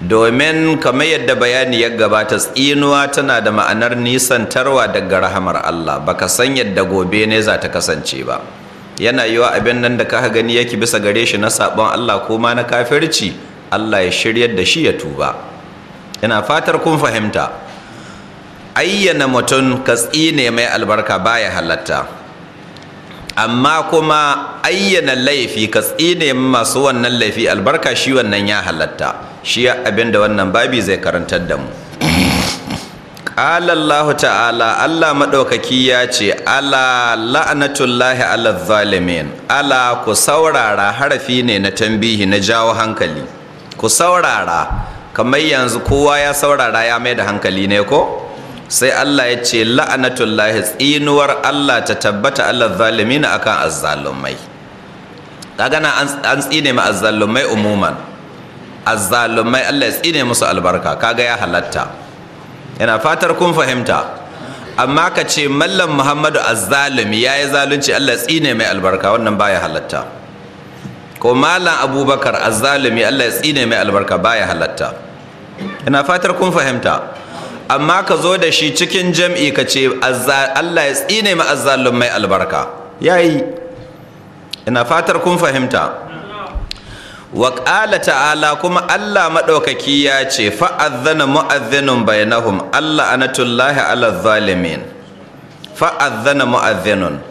domin kamar yadda bayani ya gabata tsinuwa tana da ma'anar nisantarwa daga rahamar Allah baka san yadda gobe ne za ta kasance ba yana yiwa abin nan da ka gani yake bisa gare shi na sabon Allah ko ma na kafirci Allah ya shirya da shi ya tuba ina fatar kun fahimta ayyana mutum ka tsine mai albarka baya halatta amma kuma ayyana laifi ka tsine masu wannan laifi albarka shi wannan ya halatta shi abin da wannan babi zai karantar da mu Alallahu ta'ala allah maɗaukaki ya ce ala la'anatullahi ala zalimin ala ku saurara harafi ne na tambihi na jawo hankali ku saurara kamar yanzu kowa ya saurara ya mai da hankali ne ko sai allah ya ce la'anatullahi tsinuwar allah ta tabbata ala zalimin akan azzalumai kaga na an tsine ma azzalumai umuman azzalumai Allah ya tsine musu albarka kaga ya halatta yana fatar kun fahimta amma ka ce mallam muhammadu azzalumi ya yi zalunci Allah ya tsine mai albarka wannan baya halatta ko malam abubakar azzalumi Allah ya tsine mai albarka baya halatta yana fatar kun fahimta amma ka zo da shi cikin jam'i ka ce Allah ya tsine mai azzalumai albarka yayi ina fatar kun fahimta wa ƙala ta'ala kuma Allah maɗaukaki ya ce fa'adhana mu'adhinun bainahum Allah anatullahi ala zalimin fa'adhana mu'adhinun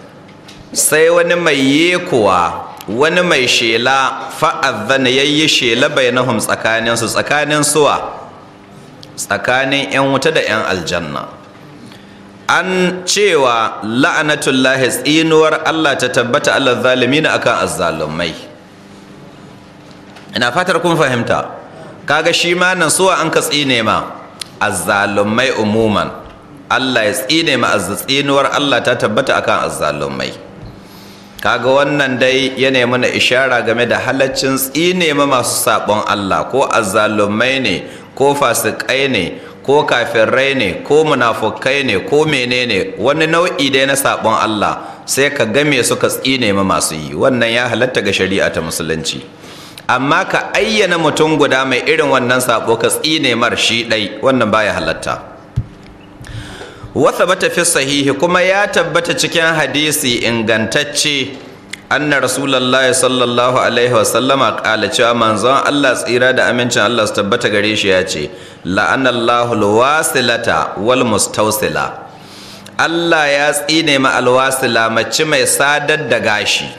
sai wani mai kuwa wani mai shela ya yi shela bainahum tsakanin tsakanin suwa tsakanin yan wuta da yan aljanna an cewa la'anatullahi tsinuwar Allah ta tabbata ala zalimin akan azzalumai ina fatar kun fahimta kaga shi ma nan suwa an ka tsine ma azzalumai umuman Allah ya tsine ma azzatsinuwar Allah ta tabbata akan azzalumai kaga wannan dai ya nemi na ishara game da halaccin tsine ma masu sabon Allah ko azzalumai ne ko fasikai ne ko kafirai ne ko munafukai ne ko menene wani nau'i dai na sabon Allah sai ka game suka suka tsine ma masu yi wannan ya halatta ga shari'a ta musulunci amma ka ayyana mutum guda mai irin wannan sabo ka tsine mar shi ɗai wannan baya halatta wasa bata fi sahihi kuma ya tabbata cikin hadisi ingantacce anna rasulallah sallallahu alaihi wasallama kala cewa manzon Allah tsira da amincin Allah su tabbata gare shi ya ce la'anallahu alwasilata wal Allah ya tsine ma alwasila mace mai sadar da gashi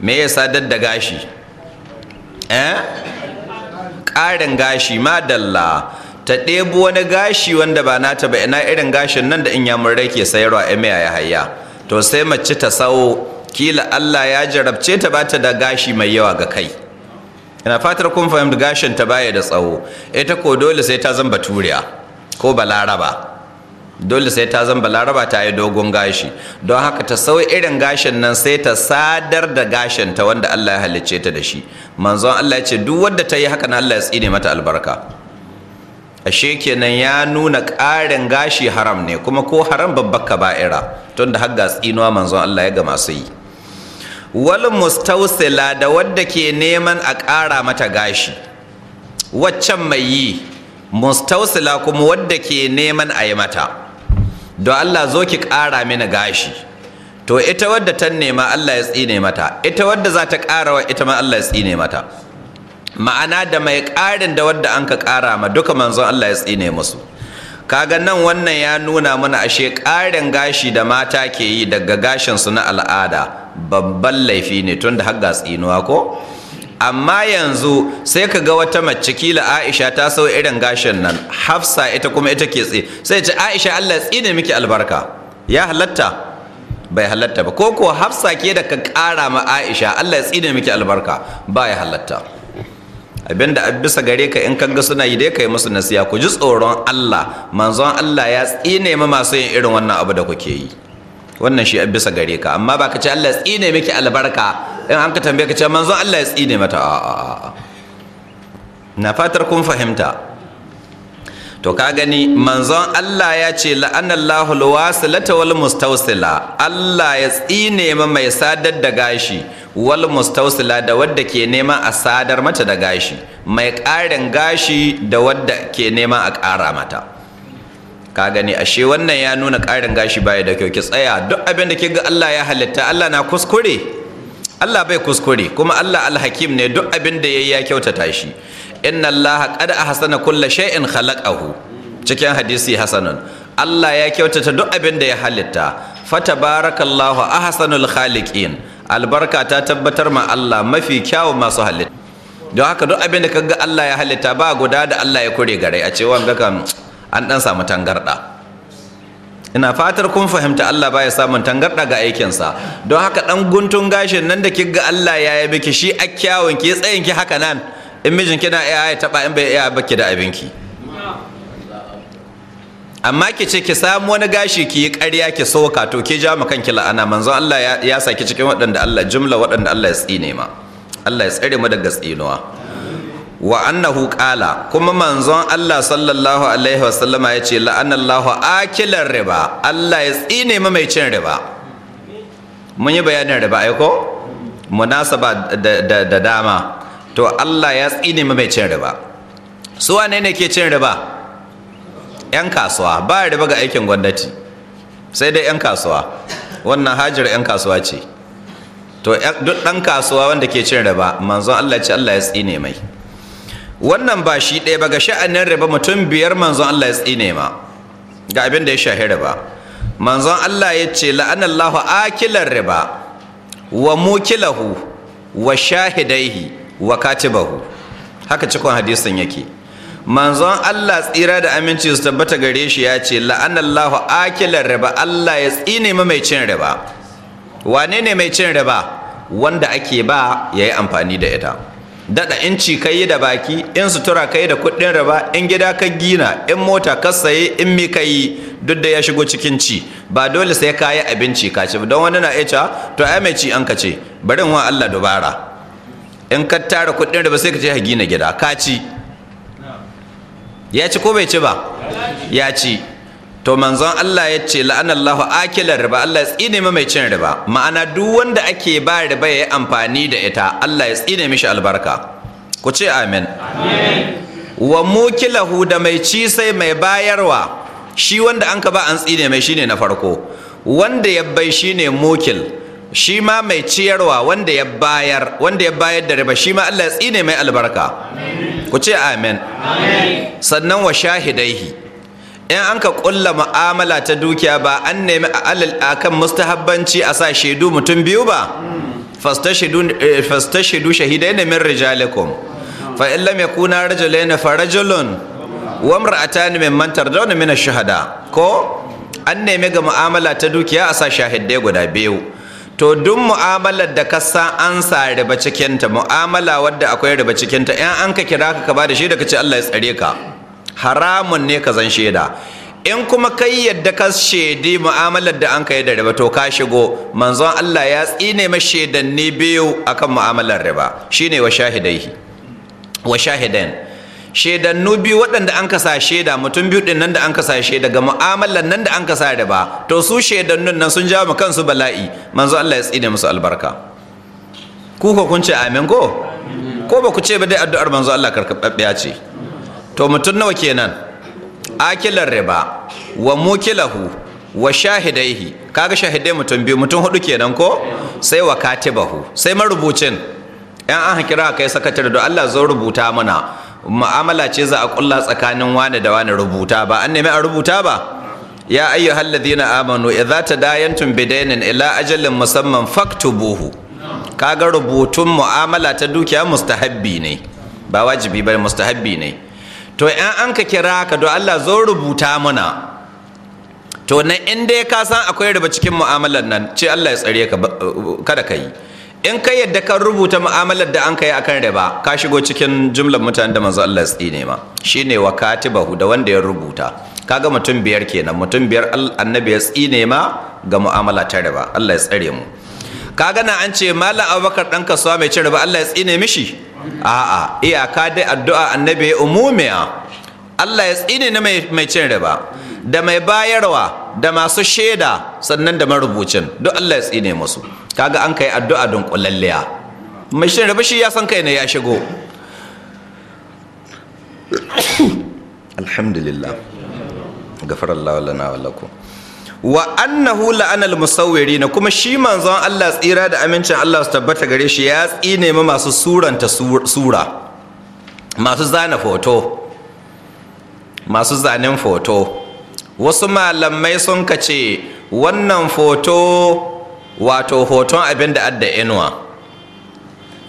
me sadar da gashi Eh? ƙarin gashi madalla ta ɗebo wani gashi wanda ba nata ba ina irin gashin nan da in yamurai ke sayarwa eh, miya ya hayya to sai mace ta sawo kila Allah ya jarabce ta bata da gashi mai yawa ga kai ina fatar kun fahimta gashin ta baya da tsawo ita ko dole sai ta zan baturiya ko balaraba dole sai ta zan laraba ta yi dogon gashi don haka ta sau irin gashin nan sai ta sadar da gashin ta wanda Allah ya halicce ta da shi manzon Allah ya ce duk wanda ta yi haka na Allah ya tsine mata albarka ashe kenan ya nuna ƙarin gashi haram ne kuma ko haram babbar kaba'ira tun da hagga tsinuwa manzon Allah ya ga masu yi wal mustausila da wadda ke neman a ƙara mata gashi waccan mai yi mustausila kuma wadda ke neman a yi mata don Allah zo ki ƙara mini gashi to ita wadda ta nema Allah ya tsine mata ita wadda za ta ƙara wa ita ma Allah ya tsine mata ma'ana da mai ƙarin da wadda an ka ƙara ma duka manzon Allah ya tsine musu kaga nan wannan ya nuna mana ashe ƙarin gashi da mata ke yi daga gashin su na al'ada babban laifi ne tun da har ga tsinuwa ko amma yanzu sai ka ga wata mace kila Aisha ta sau irin gashin nan Hafsa ita kuma ita ke tsi sai ce Aisha Allah tsine miki albarka ya halatta bai halatta ba ko ko Hafsa ke da ka ƙara ma Aisha Allah tsine miki albarka ba ya halatta abinda a bisa gare ka in kaga suna yi dai kai musu nasiya ku ji tsoron Allah manzon Allah ya tsine ma masu yin irin wannan abu da kuke yi wannan shi bisa gare ka amma ba ka ce Allah ya tsine miki albarka in an ka tambaye ka ce manzon Allah ya tsine mata na fatar kun fahimta to ka gani manzon Allah ya ce la'anallahu alwasilata wal mustawsila Allah ya tsine ma mai sadar da gashi wal mustawsila da wadda ke nema a sadar mata da gashi mai ƙarin gashi da wadda ke nema a ƙara mata ka gani ashe wannan ya nuna ƙarin gashi baya da kyau ki tsaya duk abin da ga Allah ya halitta Allah na kuskure Allah bai kuskure kuma Allah alhakim ne duk abin da yayi ya kyautata shi inna Allah qad ahsana kulla shay'in khalaqahu cikin hadisi hasanun Allah ya kyautata duk abin da ya halitta fatabarakallahu ahsanul khaliqin albarka ta tabbatar ma Allah mafi kyawun masu halitta don haka duk abin da kaga Allah ya halitta ba guda da Allah ya kure gare a ce wanga kan an ɗan samu tangarɗa ina fatar kun fahimta Allah baya samun tangarɗa ga aikinsa don haka ɗan guntun gashin nan da kiga Allah ya yi ki shi a kyawun ki tsayin ki haka nan in mijin kina iya ya taɓa in bai iya baki da abinki amma ki ce ki samu wani gashi ki yi ƙarya ki soka to ki ja mu kanki la'ana manzo Allah ya saki cikin waɗanda Allah jumla waɗanda Allah ya tsine ma Allah ya tsare mu daga tsinuwa wa annahu qala kuma manzon Allah sallallahu alaihi wasallama ya ce la'anallahu akilar riba Allah ya tsine ma mai cin riba mun yi bayanin riba ai ko munasaba da dama to Allah ya tsine ma mai cin riba su wane ne ke cin riba yan kasuwa ba riba ga aikin gwamnati sai dai yan kasuwa wannan hajar yan kasuwa ce to duk dan kasuwa wanda ke cin riba manzon Allah ce Allah ya tsine mai wannan ba shi ɗaya ba ga sha'anin riba mutum biyar manzon Allah ya tsine ma ga abin da ya shahi ba. manzon Allah ya ce la'anallahu akilar riba wa mukilahu wa shahidaihi wa katibahu haka cikon hadisin yake manzon Allah tsira da aminci su tabbata gare shi ya ce la'anallahu akilar riba Allah ya tsine ma mai cin riba wane ne mai cin riba wanda ake ba ya yi amfani da ita daɗa in ci ka yi da baki in sutura ka yi da kuɗin raba in gida ka gina in mota ka saye in mi ka yi duk da ya shigo cikin ci ba dole sai ka yi abinci ka ci don wani na iya to ai mai ci an ka ce bari wa Allah dubara in ka tara kuɗin raba sai ka ce ka gina gida ka ci ya ci ko bai ci ba ya ci to manzon Allah ya ce la'anallahu akilar riba Allah ya tsine ma mai cin riba ma'ana duk wanda ake ba riba ya yi amfani da ita Allah ya tsine mishi albarka ku ce amin wa mukilahu da mai ci sai mai bayarwa shi wanda an ka ba an tsine mai shine na farko wanda ya bai shine mukil shi ma mai ciyarwa wanda ya bayar wanda ya bayar da riba shi ma Allah ya tsine mai albarka ku ce amin sannan wa shahidaihi in an ka kulla mu'amala ta dukiya ba an nemi a alal akan mustahabbanci a sa shaidu mutum biyu ba Fasta shaidu eh, shahidai ne min rijalikum fa in lam yakuna rajulain fa rajulun wa mai mantar da min shuhada ko an nemi ga mu'amala ta dukiya a sa shahidai guda biyu to duk mu'amalar da ka san an sa riba cikinta mu'amala wadda akwai riba cikinta in an ka kira ka ba da shi da ka ce Allah ya tsare ka haramun ne ka zan shaida in kuma kai yadda ka shaidi mu'amalar da an ka yi da riba to ka shigo manzon Allah ya tsine ma shaidanni biyu akan mu'amalar riba shine wa shahidaihi wa shahidan shaidannu biyu waɗanda an ka sa shaida mutum biyu din nan da an ka sa shaida ga mu'amalar nan da an ka sa riba to su shaidannun nan sun jawo kansu bala'i manzon Allah ya tsine musu albarka ku ko kun ce amin ko ko ba ku ce ba dai addu'ar manzon Allah karkababbiya ce to mutum nawa kenan akilar riba wa mukilahu wa shahidaihi kaga shahidai mutum biyu mutum hudu kenan ko sai wa katibahu sai marubucin yan an kira kai sakatare da Allah zo rubuta mana mu'amala ce za a kulla tsakanin wani da wani rubuta ba an nemi a rubuta ba ya ayyuhal ladina amanu idza tadayantum bidainin ila ajalin musamman faktubuhu kaga rubutun mu'amala ta dukiya mustahabbi ne ba wajibi ba mustahabbi ne to in an ka kira ka don Allah zo rubuta mana to na in dai kasan akwai riba cikin mu'amalar nan ce Allah ya tsare ka kada ka yi in ka yadda ka rubuta mu'amalar da an kai akan riba ka shigo cikin jumlar mutanen da manzo Allah ya tsine ma shine wa katibahu da wanda ya rubuta kaga mutum biyar kenan mutum biyar annabi ya tsine ma ga mu'amala ta riba Allah ya tsare mu kaga na an ce malam abubakar dan kasuwa mai cin ba Allah ya tsine mishi a'a iyaka dai addu'a annabi ya umumiya Allah ya tsine na mai cin riba da mai bayarwa da masu shaida sannan da marubucin duk Allah ya tsine musu kaga an kai addu'a don kullalliya mai cin riba shi ya san kai ne ya shigo alhamdulillah gafarallahu lana wa lakum wa annahu la'anal musawwirin kuma shi manzon Allah tsira da amincin Allah su tabbata gare shi ya tsine ma masu suranta sura masu zana foto masu zanen foto wasu malamai sun kace wannan foto wato hoton abin da adda inuwa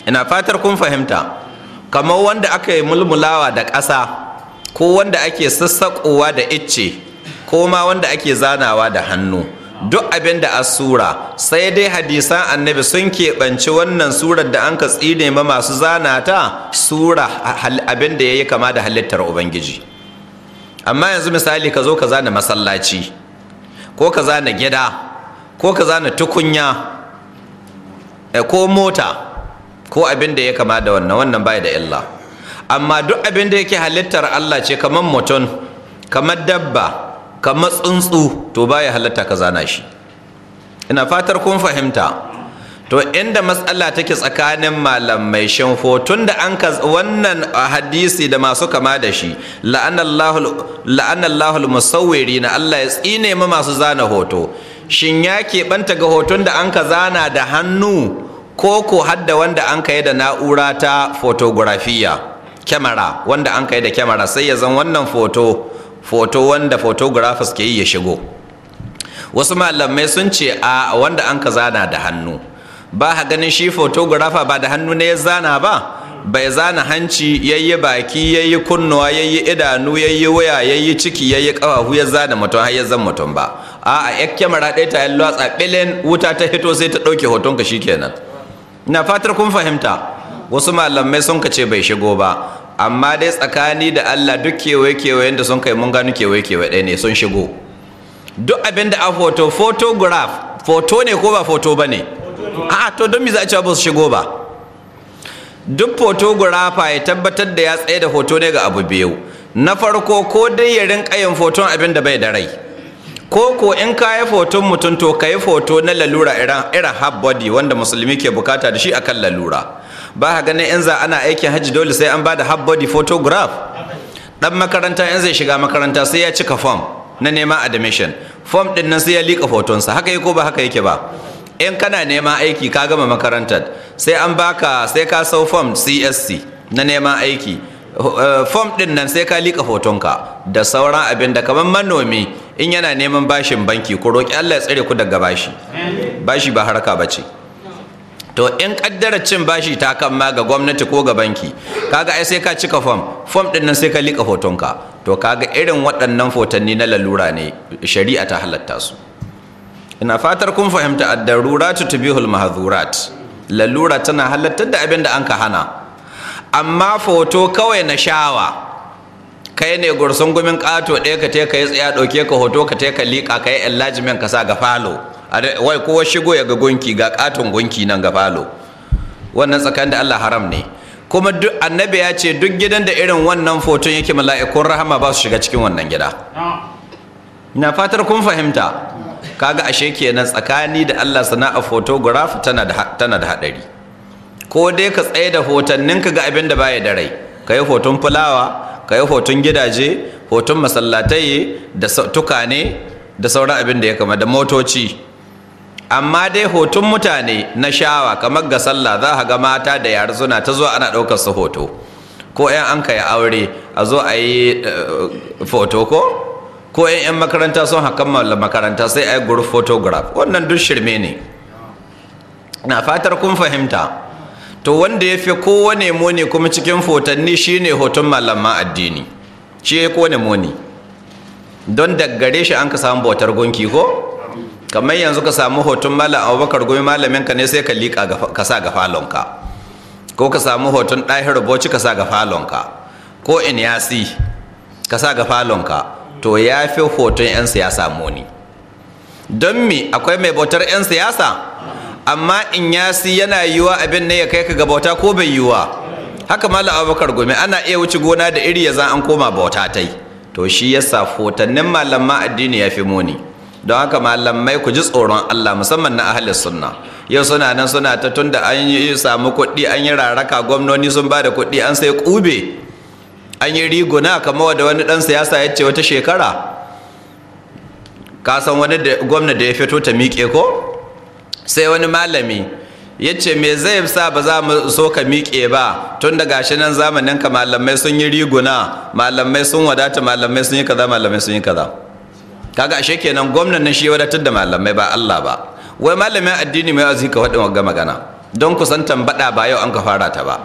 ina fatar kun fahimta kamar wanda aka yi mulmulawa da ƙasa ko wanda ake sassaƙowa da icce ko ma wanda ake zanawa da hannu duk abin da asura sai dai hadisan annabi sun keɓanci wannan surar da an ka tsine ma masu zana ta sura abin da ya yi kama da halittar ubangiji amma yanzu misali ka zo ka zana masallaci ko ka zana gida ko ka zana tukunya eh, ko mota ko abin da ya kama da wannan wannan bai da illa amma duk abin da yake halittar allah ce kamar mutum kamar dabba kamar tsuntsu to baya halatta ka zana shi ina fatar kun fahimta to inda matsala take tsakanin malamai shin hoton da an ka wannan hadisi da masu kama da shi la'anallahu musawwiri na Allah ya tsine ma masu zana hoto shin ya keɓanta ga hoton da an ka zana da hannu ko ko hadda wanda an ka yi da na'ura ta fotografiya kyamara wanda an ka yi da kyamara sai ya zan wannan foto foto wanda photographers ke yi ya shigo wasu malamai sun ce a wanda an ka zana da hannu ba ha ganin shi photographer ba da hannu ne ya zana ba bai zana hanci yayi baki yayi kunnuwa yayi idanu yayi waya yayi ciki yayi kafafu ya zana mutum har ya zan mutum ba a a yak kyamara ɗaya ta yallo a bilin wuta ta hito sai ta ɗauke hoton ka shikenan na fatar kun fahimta wasu malamai sun ka ce bai shigo ba amma dai tsakani da Allah duk kewaye kewayen da sun kai mun gano kewaye kewaye ɗaya ne sun shigo duk abin da a foto photograph foto ne ko ba foto ba ne a to don mi za a cewa ba su shigo ba duk photographer ya tabbatar da ya tsaye da foto ne ga abu biyu na farko ko dai ya rinka yin foton abin da bai da rai ko ko in ka yi foton mutum to ka yi foto na lalura irin hard body wanda musulmi ke bukata da shi akan lalura ba ka ganin in za ana aikin hajji dole sai an ba da hard body photograph dan makaranta in zai shiga makaranta sai ya cika form na neman admission form din nan sai ya lika fotonsa. haka yake ko ba haka yake ba in kana neman aiki ka gama makarantar sai an baka sai ka sau form CSC na neman aiki eh, form din nan sai ka lika ka da sauran abin da kamar manomi in yana neman bashin banki ku roki Allah ya tsare ku daga bashi bashi ba haraka bace to in kaddara cin bashi ta kan ma ga gwamnati ko ga banki kaga ai sai ka cika fom fom din nan sai ka lika hotonka to kaga irin waɗannan fotanni na lalura ne shari'a ta halatta su ina fatar kun fahimta ad-daruratu tubihul mahdhurat lalura tana halattar da abin da an ka hana amma foto kawai na shawa kai ne gursun gumin kato ɗaya ka te ka yi tsaya ɗauke ka hoto ka te ka liƙa ka yi enlargement ka sa ga falo wai kowa shigo ya ga gunki ga katon gunki nan ga falo wannan tsakanin da Allah haram ne kuma duk annabi ya ce duk gidan da irin wannan foton yake mala'ikun rahama ba su shiga cikin wannan gida ina fatar kun fahimta kaga ashe kenan tsakani da Allah sana'a photograph tana da tana da hadari ko dai ka tsaye da ka ga abin da baya da rai kai hoton fulawa kai hoton gidaje hoton masallatai da tukane da sauran abin da ya kama da motoci amma dai hoton mutane na shawa kamar ga sallah za a ga mata da yara suna ta zuwa ana ɗaukar su hoto ko 'yan an kai aure a zo a yi eh, foto ko ko 'yan 'yan makaranta sun hakan makaranta sai a yi group photograph wannan duk shirme ne na fatar kun fahimta to wanda ya fi kowane muni kuma cikin fotanni shine hoton malaman addini shi ya kowane muni don daggare shi an ka samu bautar gunki ko kamar yanzu ka samu hoton malam abubakar gomi malamin ka ne sai ka liƙa ka sa ga falonka ko ka samu hoton ɗahir rubuci ka sa ga falonka ko in yasi ka sa ga falonka to ya fi hoton 'yan siyasa muni don mi akwai mai bautar 'yan siyasa amma in yasi yana yiwa abin ne ya kai ka ga bauta ko bai yiwa haka malam abubakar Gumi ana iya wuce gona da iri ya za an koma bauta tai to shi yasa malam malaman addini ya fi muni don haka malamai ku ji tsoron Allah musamman na ahalis sunna yau suna nan suna ta tun da an yi samu kuɗi an yi raraka gwamnoni sun ba da kuɗi an sai kube an yi riguna kamar da wani ɗan siyasa ya ce wata shekara ka san wani gwamna da ya fito ta miƙe ko sai wani malami ya ce me zai sa ba za mu so ka miƙe ba tun da gashi nan zamanin ka malamai sun yi riguna malamai sun wadata malamai sun yi kaza malamai sun yi kaza kaga ashe kenan gwamnan nan shi wadatar da malamai ba Allah ba wai malamin addini mai azi ka faɗin ga magana don kusan tambada ba yau an ka fara ta ba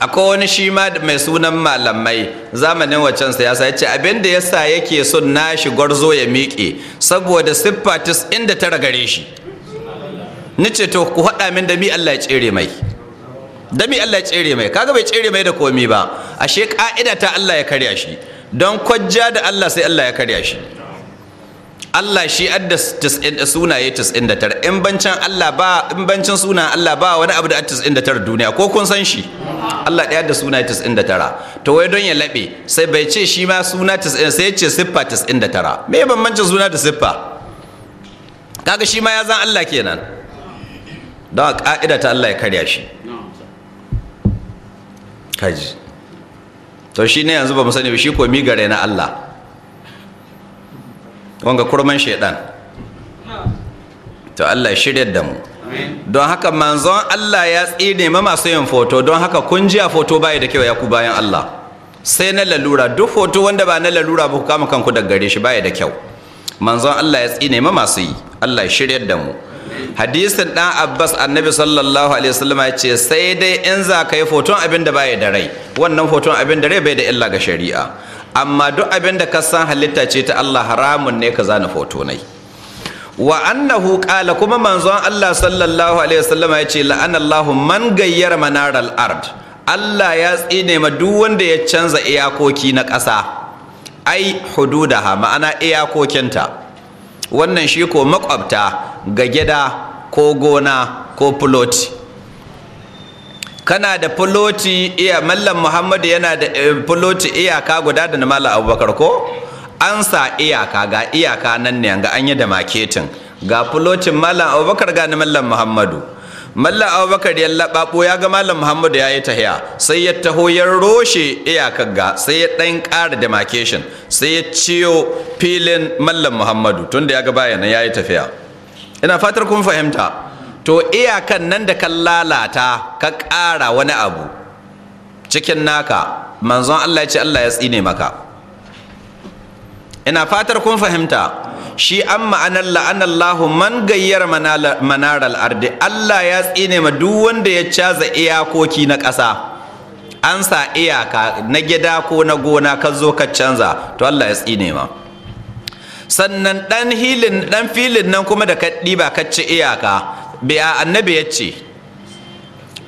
akwai wani shi ma mai sunan malamai zamanin waccan sa ya yace abin da ya yake son shi gwarzo ya miƙe saboda sifatis inda ta ragare shi ni to ku haɗa min da mi Allah ya tsere mai da mi Allah ya tsere mai kaga bai tsere mai da komi ba ashe ka'ida ta Allah ya karya shi don kwajja da Allah sai Allah ya karya shi Allah shi adda eh, sunaye 99 in bancin Allah ba in bancin suna Allah ba wani abu da 99 duniya ko kun san shi Allah ɗaya da da 99 to wai don ya laɓe sai bai ce shi ma suna 99 sai ya ce siffa 99 me bambancin suna da siffa kaga shi ma ya zan Allah kenan don ka'ida ta Allah ya karya shi kaji to shi ne yanzu ba mu sani shi komi gare na Allah wanga kurman shaidan to Allah shiryar da mu don haka manzon Allah ya tsine ma masu yin foto don haka kun ji a foto bayi da kyau ya ku bayan Allah sai na lalura duk foto wanda ba na lalura ba ku kama kanku daga gare shi bayi da kyau manzon Allah ya tsine ma masu yi Allah shiryar da mu hadisin ɗan abbas annabi sallallahu alaihi wasallama ya ce sai dai in za ka yi foton abin da baya da rai wannan foton abin da rai bai da illa ga shari'a amma duk abin da ka san halitta ce ta Allah haramun ne ka zana fotonai. wa annahu qala kuma manzon Allah sallallahu alaihi wasallama ya ce la'anallahu man gayyara manaral ard Allah ya tsine ma duk wanda ya canza iyakoki na ƙasa ai hududaha ma'ana iyakokinta wannan shi ko makwabta ga gida ko gona ko fuloti kana da puloti iya mallam muhammadu yana da puloti eh, iyaka guda da na mallam abubakar ko an sa iyaka ga iyaka nan ne ga an da maketin ga fulotin mallam abubakar ga na mallam muhammadu malla abubakar ya laɓaɓo ya ga malam muhammadu ya yi tahiya sai ya taho ya roshe iyakar ga sai ya ɗan ƙara demarcation sai ya ciyo filin mallam muhammadu tun da ya ga bayan ya yi tafiya ina fatar kun fahimta to iyakan nan da ka lalata ka ƙara wani abu cikin naka manzon allah ya ce allah ya tsine maka ina fatar kun fahimta shi an ma'anar la'anallahu man gayyar manaral ardi Allah ya tsine ma duk wanda ya caza iyakoki na ƙasa an sa iyaka na gida ko na gona ka zo ka canza to Allah ya tsine ma sannan dan hilin dan filin nan kuma da ka ɗiba ka ci iyaka a annabi ya ce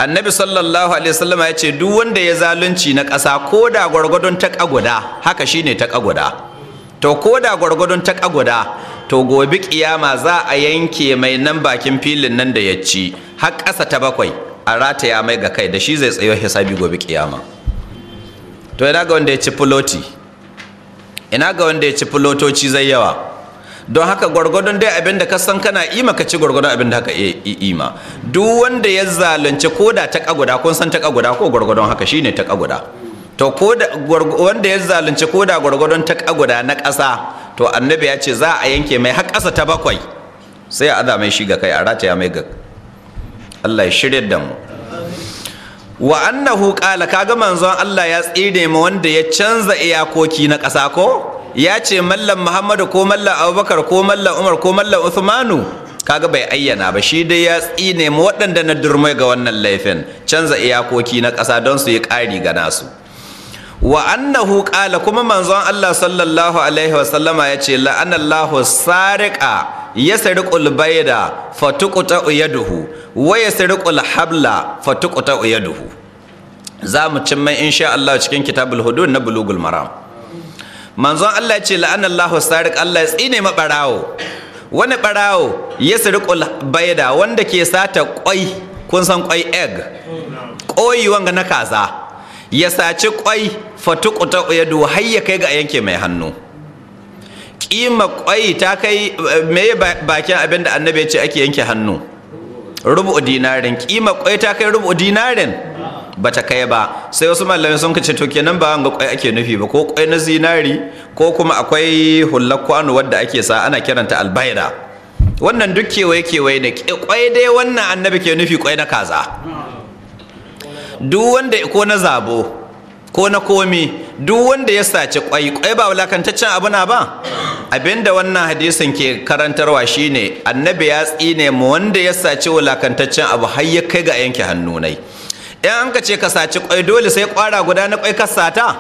annabi sallallahu alaihi wasallama ya ce duk wanda ya zalunci na ƙasa ko da gwargwadon ta guda haka shine ta guda to ko da gwargwadon ta guda to gobe kiyama za a yanke mai nan bakin filin nan da ya ci har ƙasa ta bakwai a rataya mai ga kai da shi zai tsayo hisabi gobe kiyama to ina ga wanda ya ci filoti ina ga wanda ya ci filotoci zai yawa don haka gwargwadon dai abin da ka san kana ima ka ci gwargwadon abin da haka ima duk wanda ya zalunci ko da ta guda kun san ta guda ko gwargwadon haka shine ta guda to ko da wanda ya zalunci ko da gwargwadon ta guda na ƙasa to annabi ya ce za a yanke mai har ƙasa ta bakwai sai a adama shi ga kai a rataya mai ga Allah ya shirya da mu wa annahu qala kaga manzon Allah ya tsire mu wanda ya canza iyakoki na ƙasa ko ya ce mallam Muhammadu ko mallam Abubakar ko mallam Umar ko mallam Uthmanu kaga bai ayyana ba shi dai ya tsine mu waɗanda na durmai ga wannan laifin canza iyakoki na ƙasa don su yi ƙari ga nasu wa annahu qala kuma manzon Allah sallallahu alaihi wa sallama yace la'ana Allahu sariqa yasriqul bayda fatuqta yaduhu wa yasriqul habla fatuqta yaduhu za mu cimma insha Allah cikin kitabul hudud na bulugul maram manzon Allah yace la'ana Allahu sariq Allah ya tsine barawo wani barawo yasriqul bayda wanda ke sata kwai kun san kwai egg koyi wanga na kaza ya saci kwai ya yadu har ya kai ga yanke mai hannu kima kwai ta kai meye bakin abin da annabi ya ce ake yanke hannu rubu dinarin kima kwai ta kai rubu dinarin bata kai ba sai wasu malamai sun kace to kenan ba wanga kwai ake nufi ba ko kwai na zinari ko kuma akwai hullar kwano wadda ake sa ana kiranta albaida wannan duk kewaye kewaye ne kwai dai wannan annabi ke nufi kwai na kaza duk wanda ko na zabo ko na komi duk wanda ya sace kwai kwai ba wulakantaccen abu na ba abinda wannan hadisin ke karantarwa shine annabi ya tsine mu wanda ya sace wulakantaccen abu har ya kai ga yanke hannu nai in an ka ce ka sace kwai dole sai kwara guda na kwai ka sata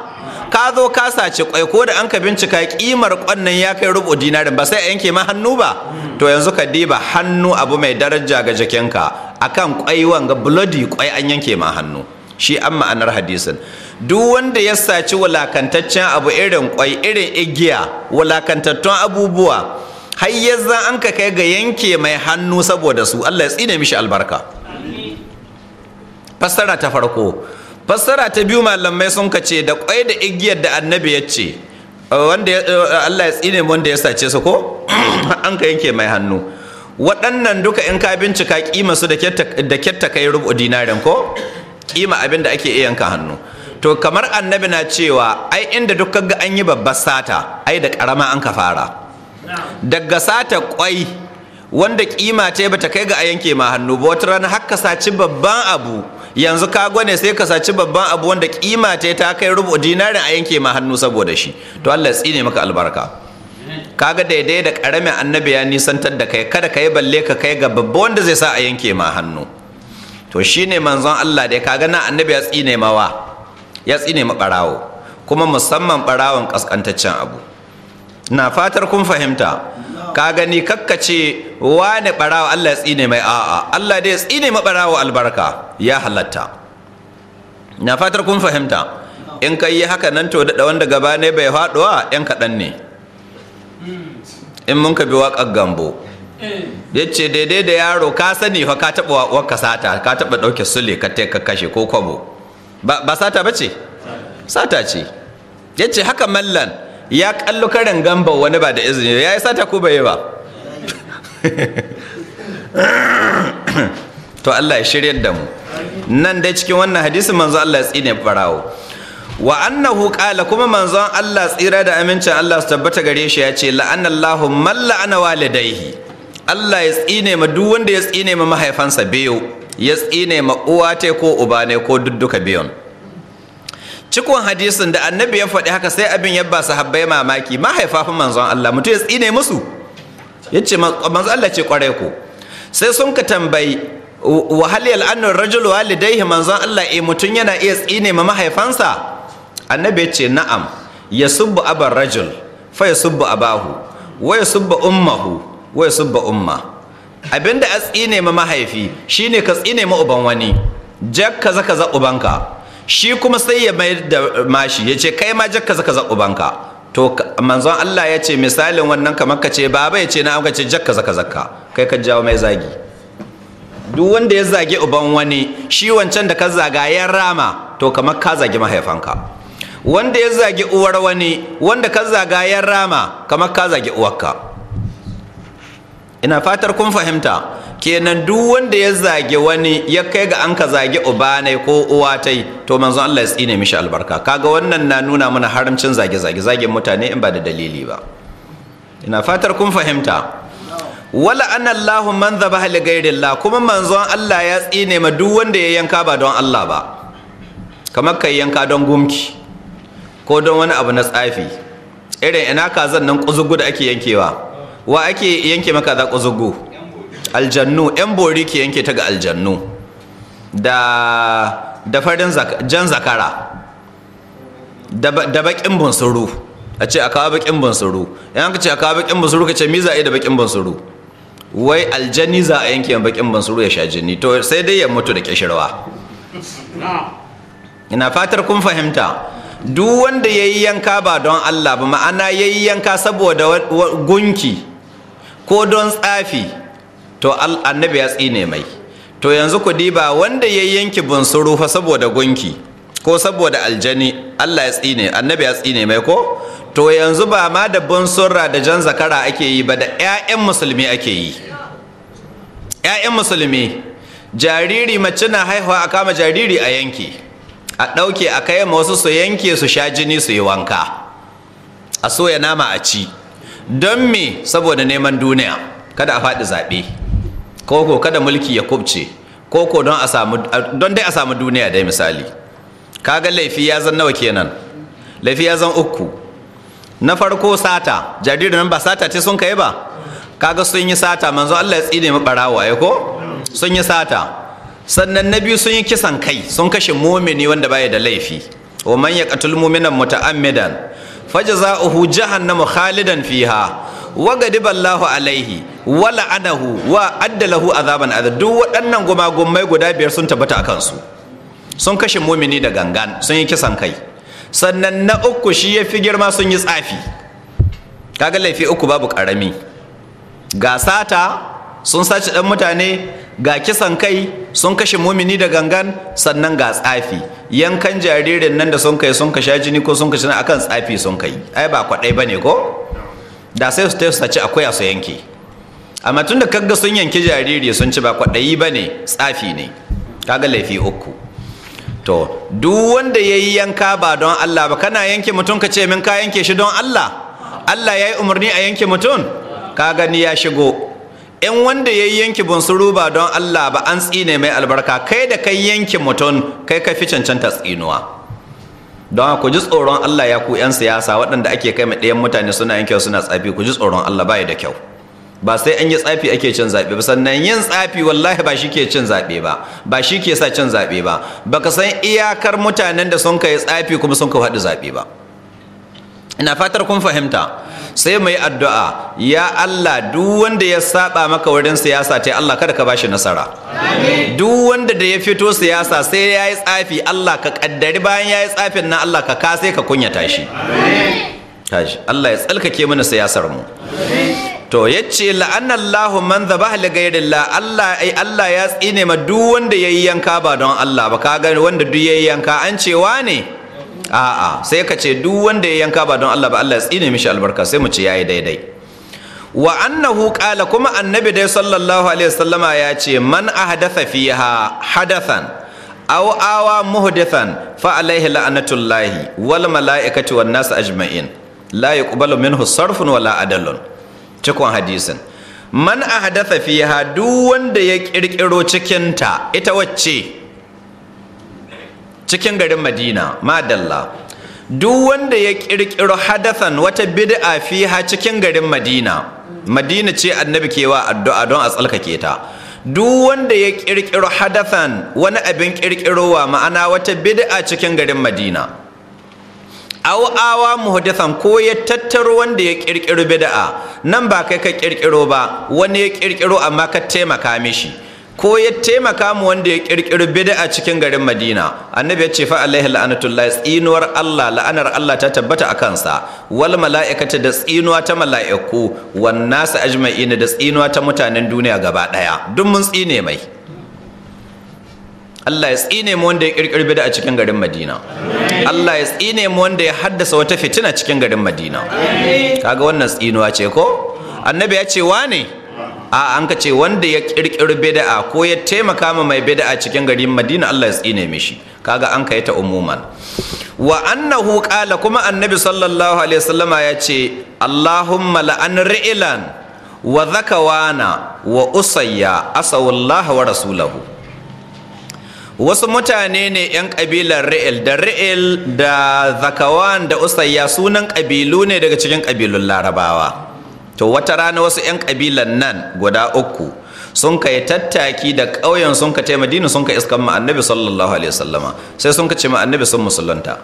ka zo ka sace kwai ko da an ka bincika kimar kwannan ya kai rubu dinarin ba sai a yanke ma hannu ba to yanzu ka diba hannu abu mai daraja ga jikinka akan kwai wanga bloody kwai an yanke ma hannu shi an ma'anar hadisin duk wanda ya saci walakantaccen abu irin kwai irin igiya walakantattun abubuwa har yanzu an ka kai ga yanke mai hannu saboda su Allah ya tsine mishi albarka fassara ta farko fassara ta biyu malamai sun ka ce da kwai da igiyar da annabi ya ce wanda Allah ya tsine wanda ya sace su ko an ka yanke mai hannu waɗannan duka in ka bincika kima su da kyatta kai rubu dinarin ko kima abin da ake iya yanka hannu to kamar annabi na cewa ai inda duk kaga an yi babbar sata ai da karama an ka fara daga sata kwai wanda kima ce bata kai ga a yanke ma hannu ba wata rana har ka saci babban abu yanzu ka gwane sai ka saci babban abu wanda kima ce ta kai rubu dinarin a yanke ma hannu saboda shi to Allah tsine maka albarka kaga daidai da karamin annabi ya nisantar da kai kada ka yi balle ka kai ga babba wanda zai sa a yanke ma hannu to shine manzon Allah da kaga na annabi ya tsine mawa ya tsine ma barawo kuma musamman barawon kaskantaccen abu na fatar kun fahimta ka gani kakkace wane barawo Allah ya tsine mai a'a Allah dai ya tsine ma barawo albarka ya halatta na fatar kun fahimta in ka haka nan to da wanda gaba ne bai faɗuwa 'yan kaɗan ne in mun ka bi waƙar gambo eh. ya ce daidai da yaro ka sani fa ka taɓa sata ka taɓa ɗauke sule ka ka kashe ko kwabo ba sata ba ce sata ce ya ce haka mallan ya kallo karin Gambo wani ba da izini ya yi sata ko bai yi ba to Allah ya shirya da mu nan dai cikin wannan hadisi manzo Allah ya tsine barawo wa annahu qala kuma manzon Allah tsira da amincin Allah su tabbata gare shi ya ce Allahu malla ana walidaihi Allah ya tsine ma duk wanda ya tsine ma mahaifansa biyu ya tsine ma uwa ta ko uba ne ko dudduka biyun cikon hadisin da annabi ya faɗi haka sai abin ya ba sahabbai mamaki mahaifafin manzon Allah mutum ya tsine musu yace manzon Allah ce kwarai ko sai sun ka tambayi wa hal yal'anu rajul walidaihi manzon Allah eh mutum yana iya tsine ma mahaifansa annabi ya ce na'am ya subba abar rajul fa ya subba abahu wa ya subba ummahu wa ya subba umma abinda a tsine ma mahaifi shine ka tsine ma uban wani jak kaza kaza ubanka shi kuma sai ya mai da mashi ya ce kai ma jak kaza kaza ubanka to manzon Allah ya ce misalin wannan kamar ka ce baba ya ce na'am ka ce jak kaza kaza kai ka jawo mai zagi duk wanda ya zage uban wani shi wancan da ka zaga ya rama to kamar ka zagi mahaifanka wanda ya zagi uwar wani wanda ka zaga ya rama kamar ka zagi uwarka ina fatar kun fahimta kenan duk wanda ya zagi wani ya kai ga an ka zagi uba ne ko uwa tai to manzon Allah ya tsine mishi albarka kaga wannan na nuna mana haramcin zage zage zagin mutane in ba da dalili ba ina fatar kun fahimta wala anallahu man dhabaha li kuma manzon Allah ya tsine ma duk wanda ya yanka ba don Allah ba kamar kai yanka don gumki ko don wani abu na tsafi irin ina kazan nan kuzugu da ake yankewa wa ake yanke maka za kuzugu aljannu yan bori ke yanke ta ga aljannu da da farin jan zakara da bakin bunsuru a ce a kawo bakin bunsuru yan ka ce a kawo bakin bunsuru ka ce mi za a yi da bakin bunsuru wai aljanni za a yanke bakin bunsuru ya sha jini to sai dai ya mutu da kishirwa ina fatar kun fahimta duk wanda ya yi yanka ba don Allah ba ma'ana ya yi yanka saboda gunki ko don tsafi to annabi ya tsine mai to yanzu ku diba wanda ya yi yanki bunsuru fa saboda gunki ko saboda aljani Allah ya tsine annabi ya tsine mai ko to yanzu ba ma da bunsurra da jan zakara ake yi ba da 'ya'yan musulmi ake yi 'ya'yan musulmi jariri mace na haihuwa a kama jariri a yanki a ɗauke a kai ma wasu su yanke su sha jini su yi wanka a soya nama a ci don me saboda neman duniya kada a faɗi zaɓe koko kada mulki ya kubce koko don dai a samu duniya dai misali kaga laifi ya zan nawa kenan laifi ya zan uku na farko sata jaririn nan ba sata ce sun kai ba kaga sun yi sata manzo Allah ya tsine mu barawa ko sun yi sata sannan na biyu sun yi kisan kai sun kashe mumini wanda baya da laifi wa man yaqtul mu'minan muta'ammidan fajza'uhu jahannama khalidan fiha wa gadiballahu alaihi wa la'anahu wa addalahu azaban azab duk waɗannan gumagumai guda biyar sun tabbata a kansu sun kashe mumini da gangan sun yi kisan kai sannan na uku shi ya fi girma sun yi tsafi kaga laifi uku babu karami ga sata sun sace dan mutane ga kisan kai sun kashe mumini da gangan sannan ga tsafi yankan jaririn nan da sun kai sun kashe jini ko sun kashe na akan tsafi sun kai ai ba kwaɗai ba ne ko da sai su tafi ci akwai a su yanke amma tun da kaga sun yanke jariri sun ci ba kwaɗayi ba tsafi ne kaga laifi uku to duk wanda ya yi yanka ba don allah ba kana yanke mutum ka ce min ka yanke shi don allah allah ya yi umarni a yanke mutum ka gani ya shigo in wanda ya yi yanki bunsuru ba don Allah ba an tsine mai albarka kai da kai yanki mutum kai ka cancanta tsinuwa don ku ji tsoron Allah ya ku 'yan siyasa waɗanda ake kai ɗayan mutane suna yanke suna tsafi ku ji tsoron Allah ba da kyau ba sai an yi tsafi ake cin zaɓe ba sannan yin tsafi wallahi ba shi ke cin zaɓe ba ba shi ke sa cin zaɓe ba Ba ka san iyakar mutanen da sun kai tsafi kuma sun ka faɗi zaɓe ba ina fatar kun fahimta sai mu addu'a ya Allah duk wanda ya saba maka wurin siyasa ta Allah kada ka bashi nasara duk wanda da ya fito siyasa sai ya yi tsafi Allah ka kaddari bayan ya yi tsafin na Allah ka kase ka kunyata shi Allah ya tsalkake mana siyasar mu to ya ce la'anallahu man zaba li ghayrillah Allah ai Allah ya tsine ma duk wanda ya yi yanka ba don Allah ba ka gani wanda duk ya yi yanka an cewa ne a'a sai ka ce duk wanda ya yanka ba don Allah ba Allah ya tsine mishi albarka sai mu ce yayi daidai wa annahu qala kuma annabi dai sallallahu alaihi wasallama ya ce man ahdatha fiha hadathan aw awa muhdathan fa alaihi la'natullahi wal mala'ikati wan nas ajma'in la yuqbalu minhu sarfun wala adalun cikon hadisin man ahdatha fiha duk wanda ya kirkiro cikinta ita wacce cikin garin madina madalla duk wanda ya kirkiro hadathan wata bid'a fiha cikin garin madina madina ce annabi ke wa addu'a don a tsalkake ta duk wanda ya kirkiro hadathan wani abin kirkirowa ma'ana wata bid'a cikin garin madina aw awa muhdathan ko ya tattaro wanda ya kirkiro bid'a nan ba kai ka kirkiro ba wani ya kirkiro amma ka taimaka mishi ko ya taimaka mu wanda ya kirkiri bid'a a cikin garin Madina annabi ya ce fa alaihi la'natullah tsinuwar Allah la'anar Allah ta tabbata a kansa wal mala'ikata da tsinuwa ta mala'iku wan nasu ajma'ina da tsinuwa ta mutanen duniya gaba daya duk mun tsine mai Allah ya tsine mu wanda ya kirkiri bid'a cikin garin Madina Allah ya tsine mu wanda ya haddasa wata fitina cikin garin Madina kaga wannan tsinuwa ce ko annabi ya ce wane ne a an ka ce wanda ya kirkiri bid'a ko ya taimaka ma mai bid'a cikin garin Madina Allah ya tsine mishi kaga an kai ta umuman wa annahu qala kuma annabi sallallahu alaihi wasallama ya ce Allahumma la'an ri'lan wa zakawana wa usayya asawallahu wa rasulahu wasu mutane ne 'yan ƙabilar ri'il da ri'il da zakawan da usayya sunan kabilu ne daga cikin ƙabilun larabawa to wata rana wasu 'yan kabilan nan guda uku sun ka yi tattaki da ƙauyen sun ka madina sun ka iskan ma'annabi annabi sallallahu alaihi wasallama sai sun ka ce ma'annabi annabi sun musulunta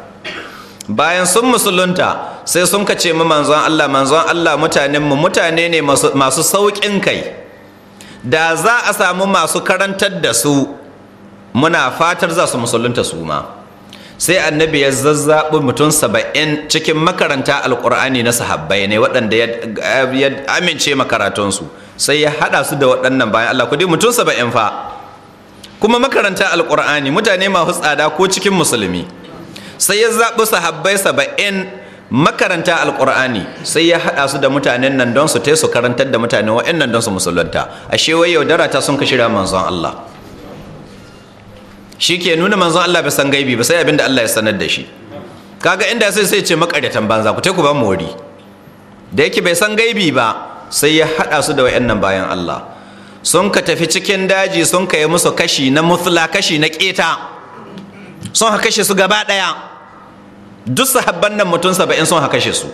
bayan sun musulunta sai sun ka ce ma manzon Allah manzon Allah mutanenmu mutane ne masu sauƙin kai da za a samu masu karantar da su muna fatar za su musulunta su ma sai annabi ya zazzaɓi mutum saba'in cikin makaranta alƙur'ani na sahabbai ne waɗanda ya amince makaratunsu sai ya haɗa su da waɗannan bayan Allah kudi mutum saba'in fa kuma makaranta alƙur'ani mutane masu tsada ko cikin musulmi sai ya zaɓi sahabbai saba'in makaranta alƙur'ani sai ya haɗa su da mutanen nan don su te su karantar da mutane nan don su musulunta ashe wai yaudara ta sun ka shirya manzon Allah shi ke nuna manzon Allah bai san gaibi ba sai abinda Allah ya sanar da shi kaga inda sai sai ce makaryatan banza ku ku ban mori da yake bai san gaibi ba sai ya hada su da wayannan bayan Allah sun ka tafi cikin daji sun ka yi musu kashi na mutla kashi na keta sun ha kashe su gaba daya duk sahabban nan mutum saba'in sun ha kashe su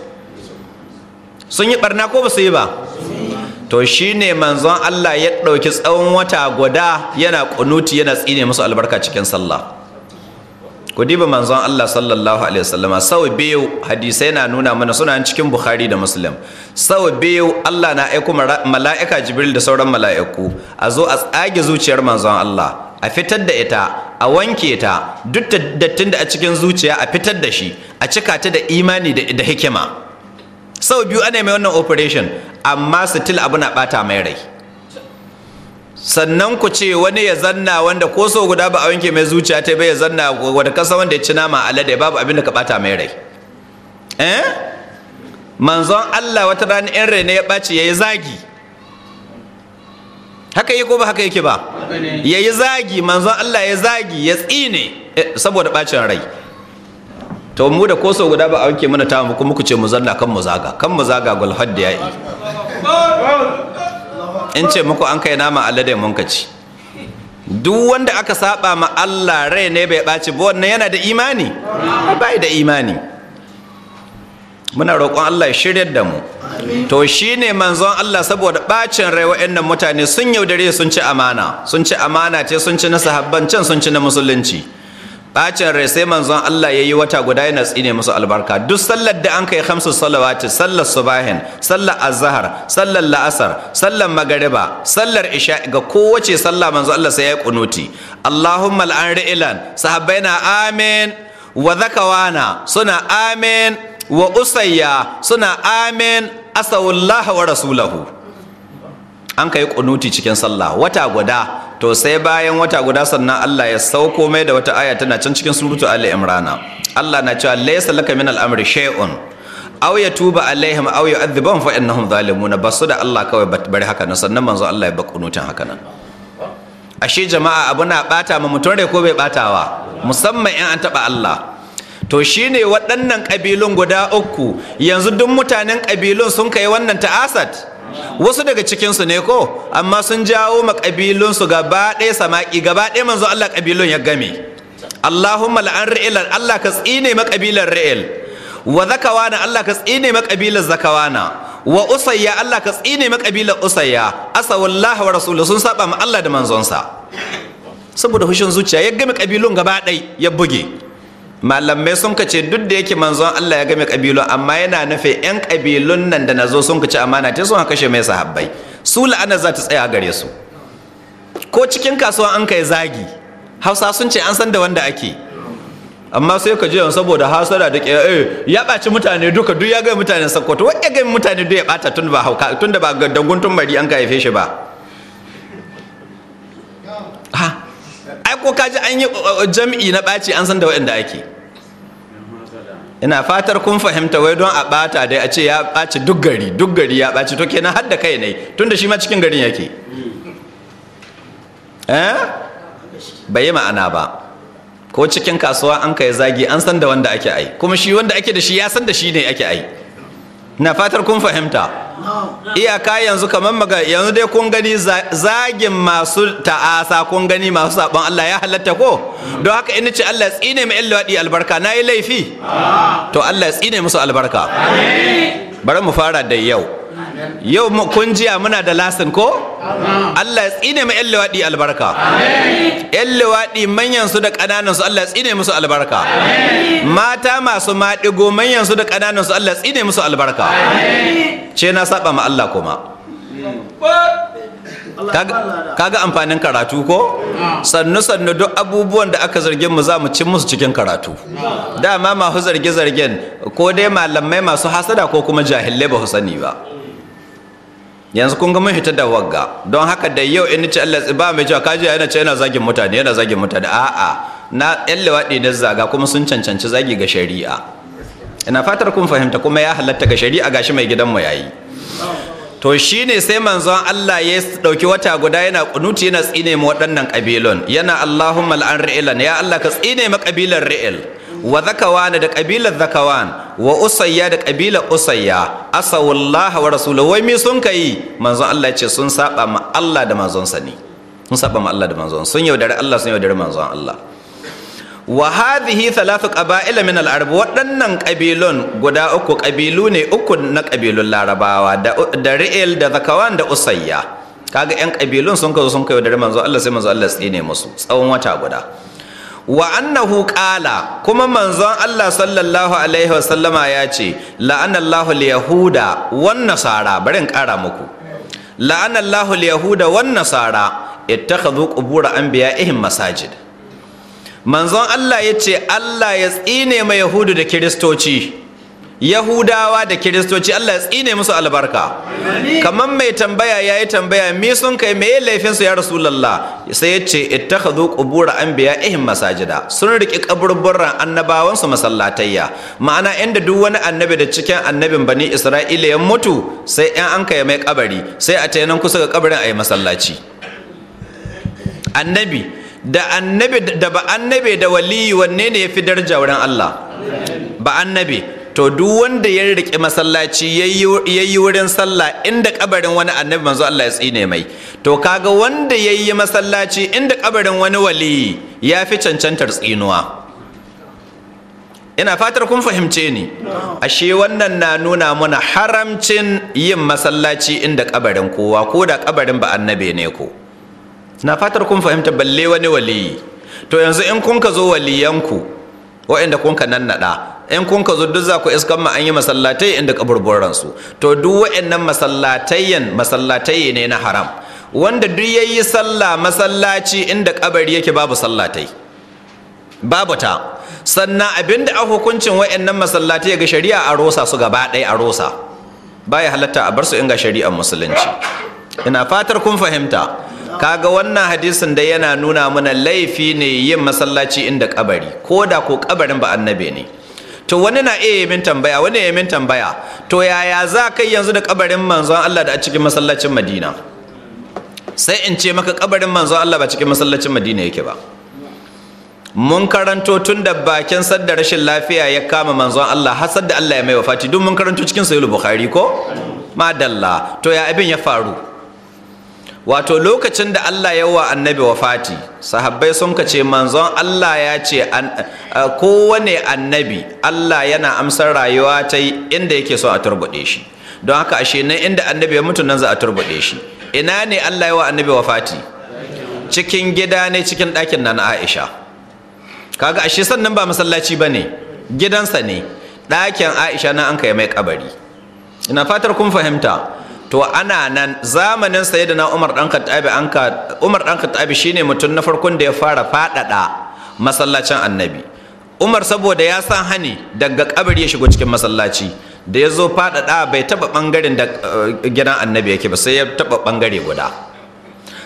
sun yi barna ko ba su yi ba to shi ne manzon Allah ya ɗauki tsawon wata guda yana ƙunuti yana tsine musu albarka cikin sallah ku diba manzon Allah sallallahu alaihi wasallama sau biyu hadisai na nuna mana suna cikin Bukhari da Muslim sau biyu Allah na aiko mala'ika Jibril da sauran mala'iku a zo a tsage zuciyar manzon Allah a fitar da ita a wanke ta duk dattin da a cikin zuciya a fitar da shi a cika ta da imani da hikima sau biyu ana mai wannan operation amma still abu na bata mai rai sannan ku ce wani ya zanna wanda ko so guda ba a wanke mai zuciya ta bai ya zanna wanda kasa wanda ya ci nama alade babu abin da ka bata mai rai eh manzon Allah wata rana in rai ne ya ɓaci ya yi zagi haka yi ko ba haka yake ba ya yi zagi manzon Allah ya zagi ya tsine eh, saboda ɓacin rai to mu da koso guda ba a wanke mana ta mu kuma ku ce mu zanna kan mu zaga kan mu zaga gol hadda yi in ce muku an kai nama alade mun kaci duk wanda aka saba ma Allah rai ne bai baci ba wannan yana da imani bai da imani muna roƙon Allah ya shiryar da mu to shine manzon Allah saboda bacin rai wa'annan mutane sun yaudare sun ci amana sun ci amana ce sun ci na sahabban can sun ci na musulunci bacin rai sai manzon Allah ya yi wata guda yana tsine musu albarka duk sallar da an kai hamsu salawati sallar subahin sallar Azahar, sallar la'asar sallar magariba sallar isha ga kowace sallah manzon Allah sai ya kunuti Allahumma al'an ri'ilan sahabbaina amin wa zakawana suna amin wa usayya suna amin asawullah wa rasulahu an kai kunuti cikin sallah wata guda to sai bayan wata guda sannan Allah ya sauko mai da wata aya tana can cikin surutu Ali Imrana Allah na cewa laysa laka min al-amri shay'un aw yatuba alaihim aw yu'adhibuhum fa innahum zalimun basu da Allah kawai bari haka nan sannan manzo Allah ya bakunutan haka nan ashe jama'a abu na bata ma mutum rai ko bai batawa musamman in an taba Allah to shine waɗannan kabilun guda uku yanzu duk mutanen kabilun sun kai wannan ta'asat wasu daga cikinsu ne ko amma sun jawo makabilunsu gaba ɗaya samaki gaba ɗaya manzo Allah kabilun ya game Allahumma la'an ra'il Allah ka tsine makabilar ra'il wa zakawana Allah ka tsine makabilar zakawana wa usayya Allah ka tsine makabilar usayya asawallahu wa rasuluhu sun saba ma Allah da manzonsa saboda hushin zuciya ya game kabilun gaba ɗaya ya buge malamai sun ka ce duk da yake manzon Allah ya game kabilun amma yana nufi yan kabilun nan da nazo sun ka ci amana te sun kashe mai sahabbai su la'ana za ta tsaya gare su ko cikin kasuwa an kai zagi hausa sun ce an san da wanda ake amma sai ka jiyan saboda hasara da ke eh, ya ɓaci mutane duka duk ya ga mutanen sakkwato wai ya ga mutane duk ya ɓata tun ba hauka tun da ba danguntun mari an ka haife shi ba ha ai ko kaji an yi uh, uh, jam'i na ɓaci an san da waɗanda ake ina fatar kun fahimta wai don a bata dai a ce ya ɓaci duk gari duk gari ya ɓaci to kenan har da kai ne tun da shi ma cikin garin yake eh bai yi ma'ana ba ko cikin kasuwa an kai zagi an san da wanda ake ai kuma shi wanda ake da shi ya san da shi ne ake ai na fatar kun fahimta iyaka yanzu kamar maga yanzu dai kun gani zagin masu ta'asa kun gani masu sabon Allah ya halatta ko don haka in ce Allah tsine mu illa wadi albarka na yi laifi to Allah tsine musu albarka bari mu fara da yau yau kun jiya muna da lasin ko Allah ya tsine mu 'yan lewaɗi albarka 'yan lewaɗi manyan su da ƙananan su Allah ya tsine musu albarka mata masu maɗigo manyan su da ƙananan su Allah ya tsine musu albarka ce na saba ma Allah kuma kaga amfanin karatu ko ah. sannu sannu duk abubuwan da aka zargin mu za mu cin musu cikin karatu ah. dama masu zarge zargen ko dai malamai masu hasada ko kuma jahilai ba su sani ba yanzu kun ga mun hita da wagga don haka da yau in ce Allah ba mai cewa kaji yana ce yana zagin mutane yana zagin mutane a'a na yan lewaɗi na zaga kuma sun cancanci zagi ga shari'a ina fatar kun fahimta kuma ya halatta ga shari'a gashi mai gidan mu yayi to shine sai manzon Allah ya dauki wata guda yana kunuti yana tsine mu waɗannan kabilon yana Allahumma al ri'ilan ya Allah ka tsine ma kabilar ri'il wa zakawana da kabilar zakawan wa usayya da kabilar usayya asawullaha wa rasuluhu wai mi sun kai manzon Allah ce sun saba ma Allah da manzon sa ne sun saba ma Allah da manzon sun yaudari Allah sun yaudari manzon Allah wa hadhihi thalathu qaba'ila min al-arab waɗannan ƙabilun guda uku kabilu ne uku na ƙabilun larabawa da da ri'il da zakawan da usayya kaga yan ƙabilun sun kazo sun kai yaudari manzon Allah sai manzon Allah tsine musu tsawon wata guda wa annahu qala kuma manzon Allah sallallahu alaihi wasallama ya ce la'anallahu al-yahuda wan nasara bari in kara muku la'anallahu al-yahuda wan nasara ittakhadhu qubur anbiya'ihim masajid manzon Allah ya ce Allah ya tsine mai yahudu da kiristoci yahudawa da kiristoci allah ya tsine musu albarka kamar mai tambaya ya yi tambaya mi sun kai me laifinsu su ya rasulallah sai ya ce ita ka zo kubura an biya ihin masajida sun riki kaburburan annabawan su masallatayya ma'ana inda duk wani annabi da cikin annabin bani isra'ila ya mutu sai yan an kai mai kabari sai a tayanan kusa ga kabarin a yi masallaci annabi da annabi da ba annabi da waliyi wanne ne ya fi daraja wurin Allah ba annabi to duk wanda ya riƙe masallaci ya yi wurin sallah inda kabarin wani annabi manzo Allah ya tsine mai to kaga wanda ya yi masallaci inda kabarin wani wali ya fi cancantar tsinuwa ina fatar kun fahimce ni ashe wannan na nuna mana haramcin yin masallaci inda kabarin kowa ko da kabarin ba annabi ne ko na fatar kun fahimta balle wani waliyi to yanzu in kun ka zo waliyanku wa'inda kun ka nannaɗa in kun ka zo duk za ku iskan ma an yi masallatai inda kaburburan su to duk wa'innan masallatayen masallatai ne na haram wanda duk yayi sallah masallaci inda kabari yake babu sallatai babu ta sannan abinda a hukuncin wa'innan masallatai ga shari'a a rosa su gaba ɗaya a rosa baya halatta a bar su in ga shari'ar musulunci ina fatar kun fahimta kaga wannan hadisin da yana nuna mana laifi ne yin masallaci inda kabari ko da ko kabarin ba annabe ne to wani na iya yi min tambaya wani ya min tambaya to yaya za kai yanzu da kabarin manzon Allah da a cikin masallacin Madina sai in ce maka kabarin manzon Allah ba cikin masallacin Madina yake ba mun karanto tun da bakin sadda rashin lafiya ya kama manzon Allah har sadda Allah ya mai wafati duk mun karanto cikin sahih bukhari ko madalla to ya abin ya faru wato lokacin da Allah ya wa annabi wafati sahabbai sun kace manzon Allah ya ce kowane annabi Allah yana amsar rayuwa ta inda yake so a turbuɗe shi don haka ashe nan inda annabi ya mutu nan za a turbuɗe shi ina ne Allah ya wa annabi wafati cikin gida ne cikin ɗakin nan Aisha kaga ashe sannan ba masallaci bane gidansa ne ɗakin Aisha na an kai mai kabari ina fatar kun fahimta to ana nan zamanin sayyidina Umar dan Khattabi an ka Umar dan Khattabi shine mutum na farkon da ya fara fadada masallacin Annabi Umar saboda ya san hani daga kabari ya shigo cikin masallaci da ya zo fadada bai taba bangaren da eh, gidan Annabi yake ba sai ya taba bangare guda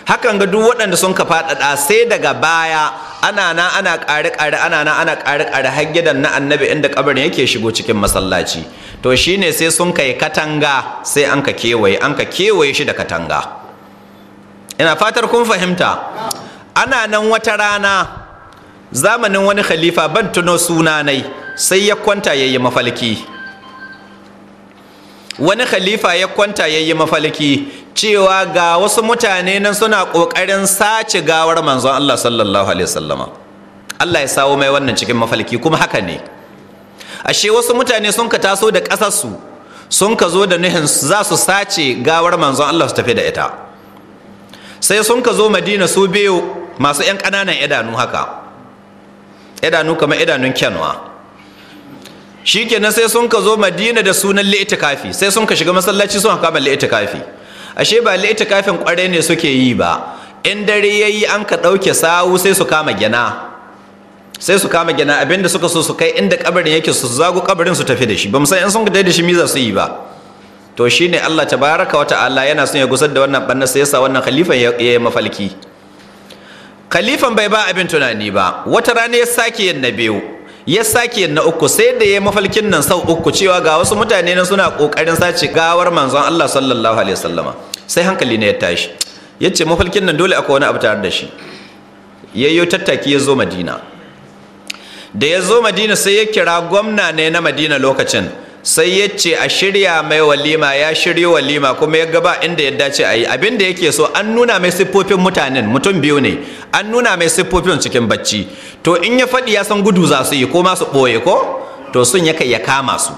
hakan ga duk waɗanda sun ka faɗaɗa sai daga baya ana na ana ƙare ƙare ana na ana ƙare ƙare har gidan na annabi inda kabarin yake shigo cikin masallaci to shine sai sun kai katanga sai an ka kewaye an ka kewaye shi da katanga ina fatar kun fahimta ana nan wata rana zamanin wani khalifa ban tuno sunanai sai ya kwanta yayi mafalki wani khalifa ya kwanta ya yi mafalki cewa ga wasu mutane nan suna ƙoƙarin sace gawar manzon Allah sallallahu alaihi wasallama Allah ya sawo mai wannan cikin mafalki kuma haka ne ashe wasu mutane sun ka taso da ƙasarsu sun ka zo da nuhin za su sace gawar manzon Allah su tafi da ita sai sun ka zo madina su biyu masu 'yan ƙananan idanu haka idanu kamar idanun kyanwa shikenan sai sun ka zo madina da sunan li'itikafi sai sun ka shiga masallaci sun kama li'itikafi ashe ba li'itikafin kwarai ne suke yi ba in dare yayi an ka ɗauke sawu sai su kama gina sai su kama gina abinda suka so su kai inda kabarin yake su zago kabarin su tafi da shi ba san in sun da shi miza su yi ba to shine Allah baraka wa ta'ala yana son ya gusar da wannan banna sai yasa wannan khalifan ya yi mafalki khalifan bai ba abin tunani ba wata rana ya sake yin na biyu ya sake na uku sai da ya mafalkin nan sau uku cewa ga wasu mutane nan suna kokarin sace gawar manzon Allah sallallahu alaihi wasallama sai hankali ne ya tashi ya ce mafalkin nan dole akwai wani abu tare da shi yayyo tattaki ya zo Madina da ya zo Madina sai ya kira gwamna ne na Madina lokacin sai ya ce a shirya mai walima ya shirya walima kuma ya gaba inda ya dace a yi abin da yake so an nuna mai siffofin mutanen mutum biyu ne an nuna mai siffofin cikin bacci to in ya faɗi ya san gudu za su yi ko masu ɓoye ko to sun ya kai ya kama su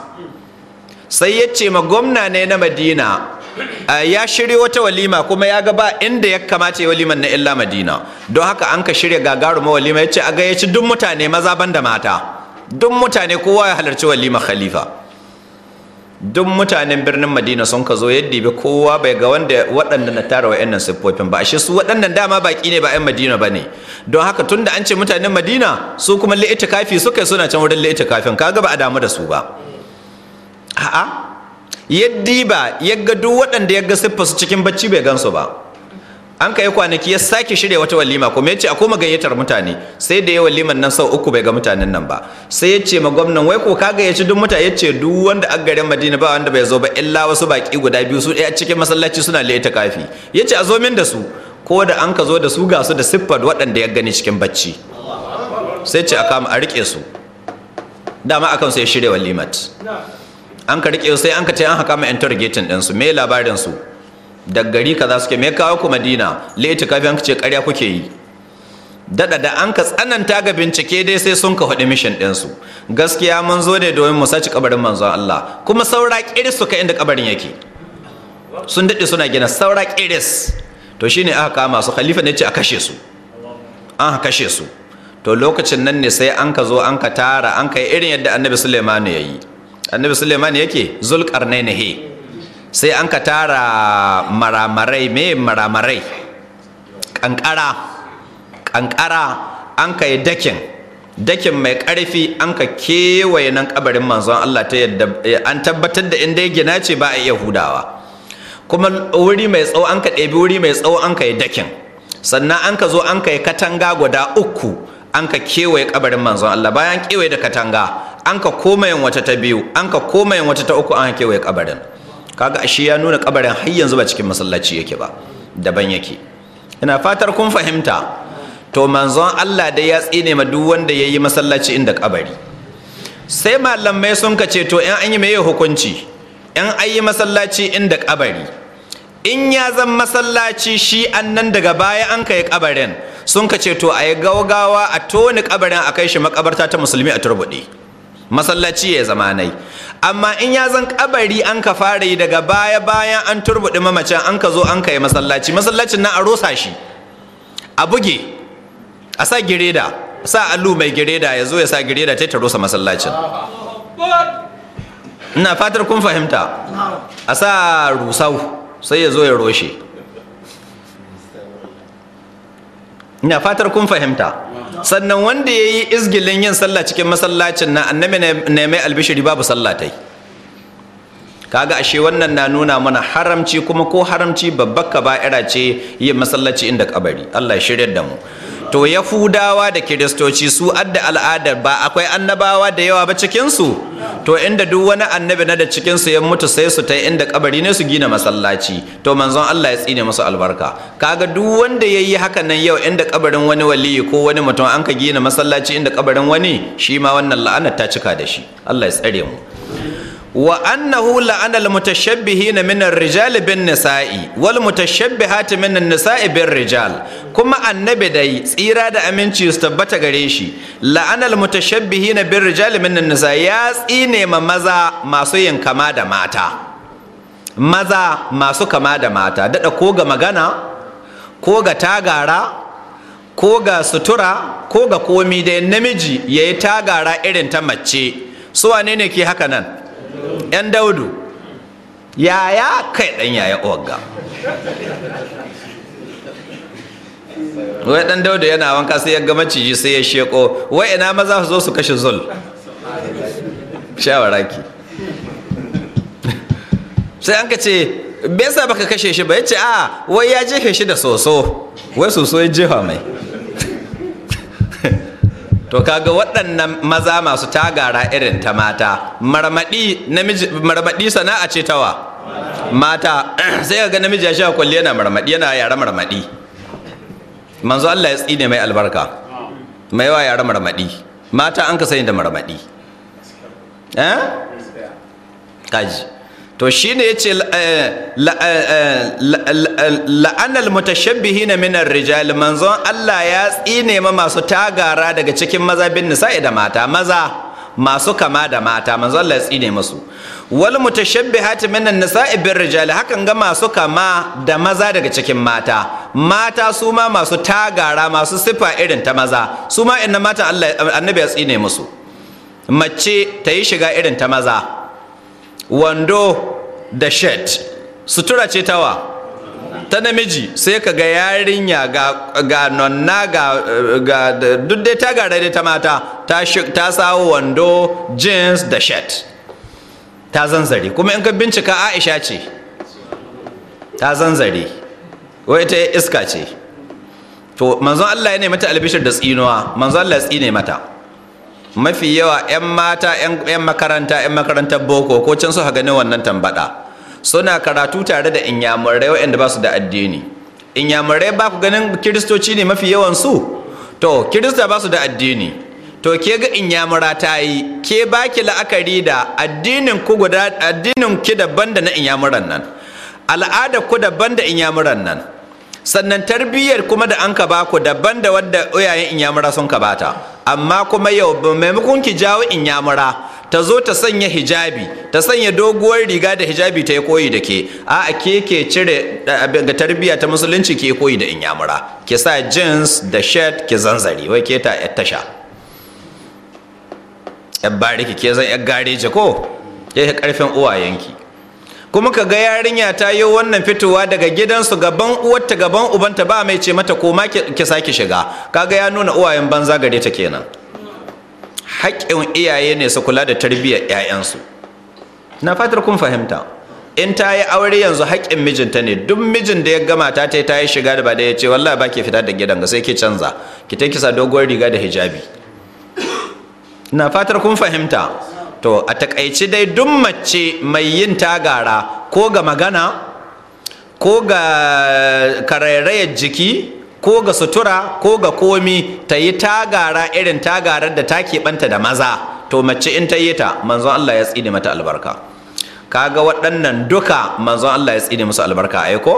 sai ya ce ma gwamna ne na madina ya shirya wata walima kuma ya gaba inda ya kamata waliman na illa madina don haka an ka shirya gagaruma walima ya ce a gayyaci duk mutane maza banda mata duk mutane kowa ya halarci walima khalifa duk mutanen birnin madina sun ka zo yadda bi kowa bai ga wanda waɗanda na tara wa'annan siffofin ba ashe su waɗannan dama baƙi ne ba 'yan madina ba ne don haka tun da an ce mutanen madina su kuma su suka suna can wurin kafin. Ka ba a damu da su ba a'a yadda ba yadda duk waɗanda yadda siffa su cikin bacci bai gansu ba an kai kwanaki ya sake shirya wata walima kuma yace a koma gayyatar mutane sai da ya waliman nan sau uku bai ga mutanen nan ba sai yace ma gwamnan wai ko ka gayyaci duk mutane yace duk wanda a garin Madina ba wanda bai zo ba illa wasu baki guda biyu su a cikin masallaci suna ta kafi yace a zo min da su ko da an ka zo da su ga su da siffar waɗanda ya gani cikin bacci sai ce a kama a rike su dama akan sai shirya walimat an ka rike sai an ka ce an haka ma interrogating ɗinsu me labarin su daga gari kaza suke me kawo ku madina laiti kafin ce karya kuke yi dada da an ka tsananta ga bincike dai sai sun ka faɗi mishin ɗinsu gaskiya mun zo ne domin mu saci kabarin manzon Allah kuma saura kiris su ka inda kabarin yake sun daɗe suna gina saura kiris to shine aka kama su khalifa ne ce a kashe su an kashe su to lokacin nan ne sai an ka zo an ka tara an ka yi irin yadda annabi Suleiman ya yi annabi Suleiman yake zulkarnaini he sai an ka tara maramarai me maramarai ƙanƙara ƙanƙara an ka yi dakin dakin mai ƙarfi an ka kewaye nan kabarin manzon Allah ta yadda an tabbatar da inda ya gina ce ba a iya hudawa kuma wuri mai tsawo an ka ɗebi wuri mai tsawo an ka yi dakin sannan an ka zo an ka yi katanga guda uku an ka kewaye kabarin manzon Allah bayan kewaye da katanga an ka komayen wata ta biyu an ka komayen wata ta uku an kewaye kabarin kaga ashe ya nuna kabarin har yanzu ba cikin masallaci yake ba daban yake ina fatar kun fahimta to manzon Allah dai ya tsine ma duk wanda yayi masallaci inda kabari sai malamai sun kace to in an yi meye hukunci in an yi masallaci inda kabari in ya zan masallaci shi an nan daga baya an kai kabarin sun kace to a yi gaugawa a toni kabarin a kai shi makabarta ta musulmi a turbuɗe masallaci ya zama nai amma in ya zan kabari an ka fara yi daga baya bayan an turbuɗi mamacin an ka zo an ka yi masallaci masallacin na a rosa shi a buge a sa gireda sa allu mai gireda ya zo ya sa gireda ta rosa masallacin ina fatar kun fahimta a sa rusau sai ya zo ya roshe ina fatar kun fahimta sannan wanda ya yi izgilin yin sallah cikin masallacin na annabi ne mai albishiri babu sallatai kaga ashe wannan na nuna mana haramci kuma ko haramci babbar ka ba'ira ce yin masallaci inda kabari Allah ya shirya da mu to yahudawa da kiristoci su adda al'adar ba akwai annabawa da yawa ba cikinsu to inda duk wani annabi na da cikinsu ya mutu sai su ta inda kabari ne su gina masallaci to manzon Allah ya tsine musu albarka kaga duk wanda ya yi haka nan yau inda kabarin wani waliyi ko wani mutum an ka gina masallaci inda kabarin wani shi ma wannan la'anar ta cika da shi Allah ya tsare mu wa annahu la'ana al-mutashabbihin min ar-rijal bin nisa'i wal mutashabbihat min an-nisa'i bir rijal kuma annabi dai tsira da aminci su tabbata gare shi la'ana al-mutashabbihin bir rijal min an-nisa'i ya tsine ma maza masu yin kama da mata maza masu kama da mata dada ko ga magana ko ga tagara ko ga sutura ko ga komi dai namiji yayi tagara irin ta mace su wane ne ke haka nan 'yan daudu yaya kai ɗan yaya ogga wai ɗan daudu yana wanka sai ya ga maciji sai ya sheko wai ina maza su zo su kashe zul shawara ki sai an ka ce bai sa baka kashe shi ba ya ce a ah, wai ya jefe shi da soso wai soso ya jefa mai to kaga waɗannan maza masu tagara irin ta mata marmaɗi sana'a ce tawa mata sai ga namiji ya sha kwalliya yana marmaɗi yana yara marmaɗi manzo Allah ya tsine mai albarka mai yawa yara marmaɗi mata an ka sani da marmaɗi eh kaji to shine yace eh, eh, eh, la'anal mutashabbihi na minar rijali manzon Allah ya tsine ma masu tagara daga cikin maza bin nisa'i da mata maza masu kama da mata manzon Allah ya tsine musu wal mutashabbihati minan nisai bir rijali. hakan ga masu kama da maza daga cikin mata mata su ma masu tagara masu sifa irin ta maza su ma inna mata Allah annabi ya tsine musu mace ta yi shiga irin ta maza wando da shet sutura ce tawa ta namiji sai ka ga yarinya ga nonna ga duk dai ta gara dai ta mata ta sawo wando jeans da shet ta zanzare kuma in ka bincika aisha ce ta zanzare wai ta iska ce to manzon Allah ya ne mata albishir da tsinuwa manzon Allah ya tsine mata mafi yawa 'yan mata 'yan makaranta 'yan makarantar boko ko can su haganin wannan tambada suna karatu tare da inyamurai wa'anda ba su da addini inyamurai ba ku ganin kiristoci ne mafi yawan su to kirista ba su da addini to ke ga inyamura ta yi ke ba ki la'akari da addinin ku guda addinin ki daban da na inyamuran nan al'ada ku daban da inyamuran nan sannan tarbiyyar kuma da an ka ba ku daban da wadda uyayen inyamura sun ka bata amma kuma yau maimakon ki jawo in yamura ta zo ta sanya hijabi ta sanya doguwar riga da hijabi ta yi koyi da ke a ke ke cire ga tarbiyya ta musulunci ke koyi da inyamura ke sa jeans da shirt ke zanzari wai ke ta yar tasha yar bariki ke zan yar gareji ko ke karfin uwayenki kuma ka ga yarinya ta yi wannan fitowa daga gidansu gaban uwarta gaban ubanta ba mai ce mata koma ki sake shiga kaga ya nuna uwayen banza gare ta kenan haƙƙin iyaye ne su kula da tarbiyyar ƴaƴansu. na fatar kun fahimta in ta yi aure yanzu haƙƙin mijinta ne duk mijin da ya gama ta ta yi shiga da ba da ya ce wallahi ba ke fita da gidan ga sai ke canza ki ta kisa doguwar riga da hijabi na fatar kun fahimta to a takaici dai duk mace mai yin tagara ko ga magana ko ga karairayar jiki ko ga sutura ko ga komi ta yi tagara irin tagarar da ta keɓanta da maza to mace in ta yi ta manzon Allah ya tsine mata albarka kaga waɗannan duka manzon Allah ya tsine musu albarka aiko. ko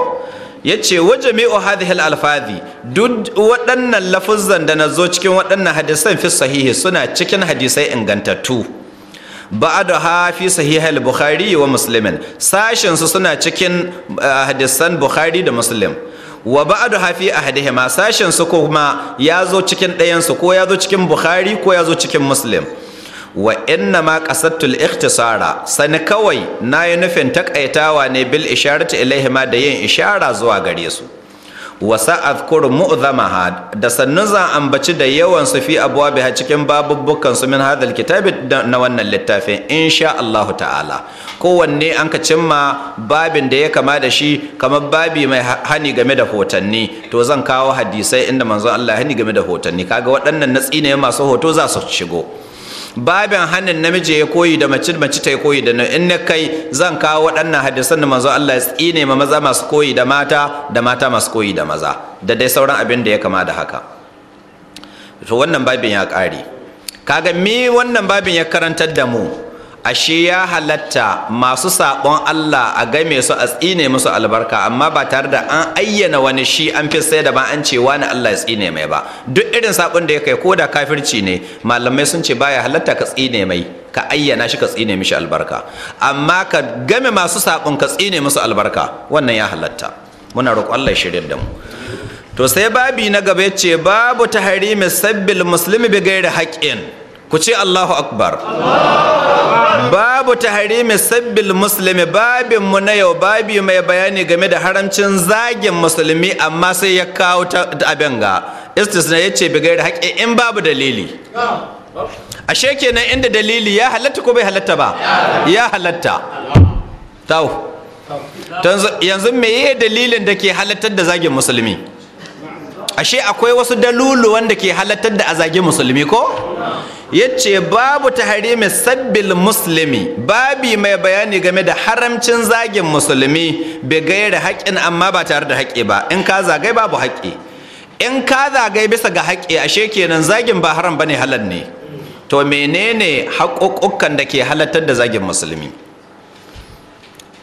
ya ce wa jami'u hadhihi alfazi duk waɗannan lafuzzan da na zo cikin waɗannan hadisan fi sahihi suna cikin hadisai ingantattu ba'adu ha fi sahih bukhari wa muslimin sashin su suna cikin eh, hadisan bukhari da muslim wa ba'adu ha fi ahadihima sashin su kuma ya zo cikin ɗayan su ko ya zo cikin bukhari ko ya zo cikin muslim wa inna ma qasadtul ikhtisara sani kawai nayi nufin takaitawa ne bil isharati ilaihima da yin ishara zuwa gare su wa mu'zama da sannu zan ambaci da yawan su fi abwabiha cikin babubbukan su min hadal kitabi na wannan littafin insha Allah ta'ala kowanne an ka cimma babin da ya kama da shi kamar babi mai hani game da hotanni to zan kawo hadisai inda manzon Allah hani game da hotanni kaga waɗannan natsi ne masu hoto za su shigo babin hannun namiji ya koyi da mace mace ta koyi da in na kai zan kawo waɗannan hadisan da manzo Allah ya tsine ma maza masu koyi da mata da mata masu koyi da maza da dai sauran abin da ya kama da haka to wannan babin ya ƙare kaga me wannan babin ya karantar da mu ashe ya halatta masu saɓon Allah a game su a tsine musu albarka amma ba tare da an ayyana wani shi an fi sai da ba an ce wani Allah ya tsine mai ba duk irin saɓon da ya kai ko da kafirci ne malamai sun ce baya halatta ka tsine mai ka ayyana shi ka tsine mishi albarka amma ka game masu saɓon ka tsine musu albarka wannan ya halatta muna roƙon Allah ya shirya da mu to sai babi na gaba ya ce babu tahrimi sabbil muslimi bi ghairi haqqin ku ce Allahu akbar babu mai sabbin musulmi babin mu na yau babi mai bayani game da haramcin zagin musulmi amma sai ya kawo ta abin ga istisna ce bi da haƙƙi in babu dalili ashe kenan inda dalili ya halatta ko bai halatta ba ya halatta tau yanzu meye dalilin da ke halattar da zagin musulmi ashe akwai wasu dalulu wanda ke halattar da a zagin musulmi ko Ya ce babu ta harimi sabbil musulmi babi mai bayani game da haramcin zagin musulmi bai gaira haƙin amma ba tare da haƙi ba in ka zagai babu haƙi in ka zagai bisa ga haƙi ashe kenan zagin ba haram bane halal ne to menene haƙuƙukan da ke halattar da zagin musulmi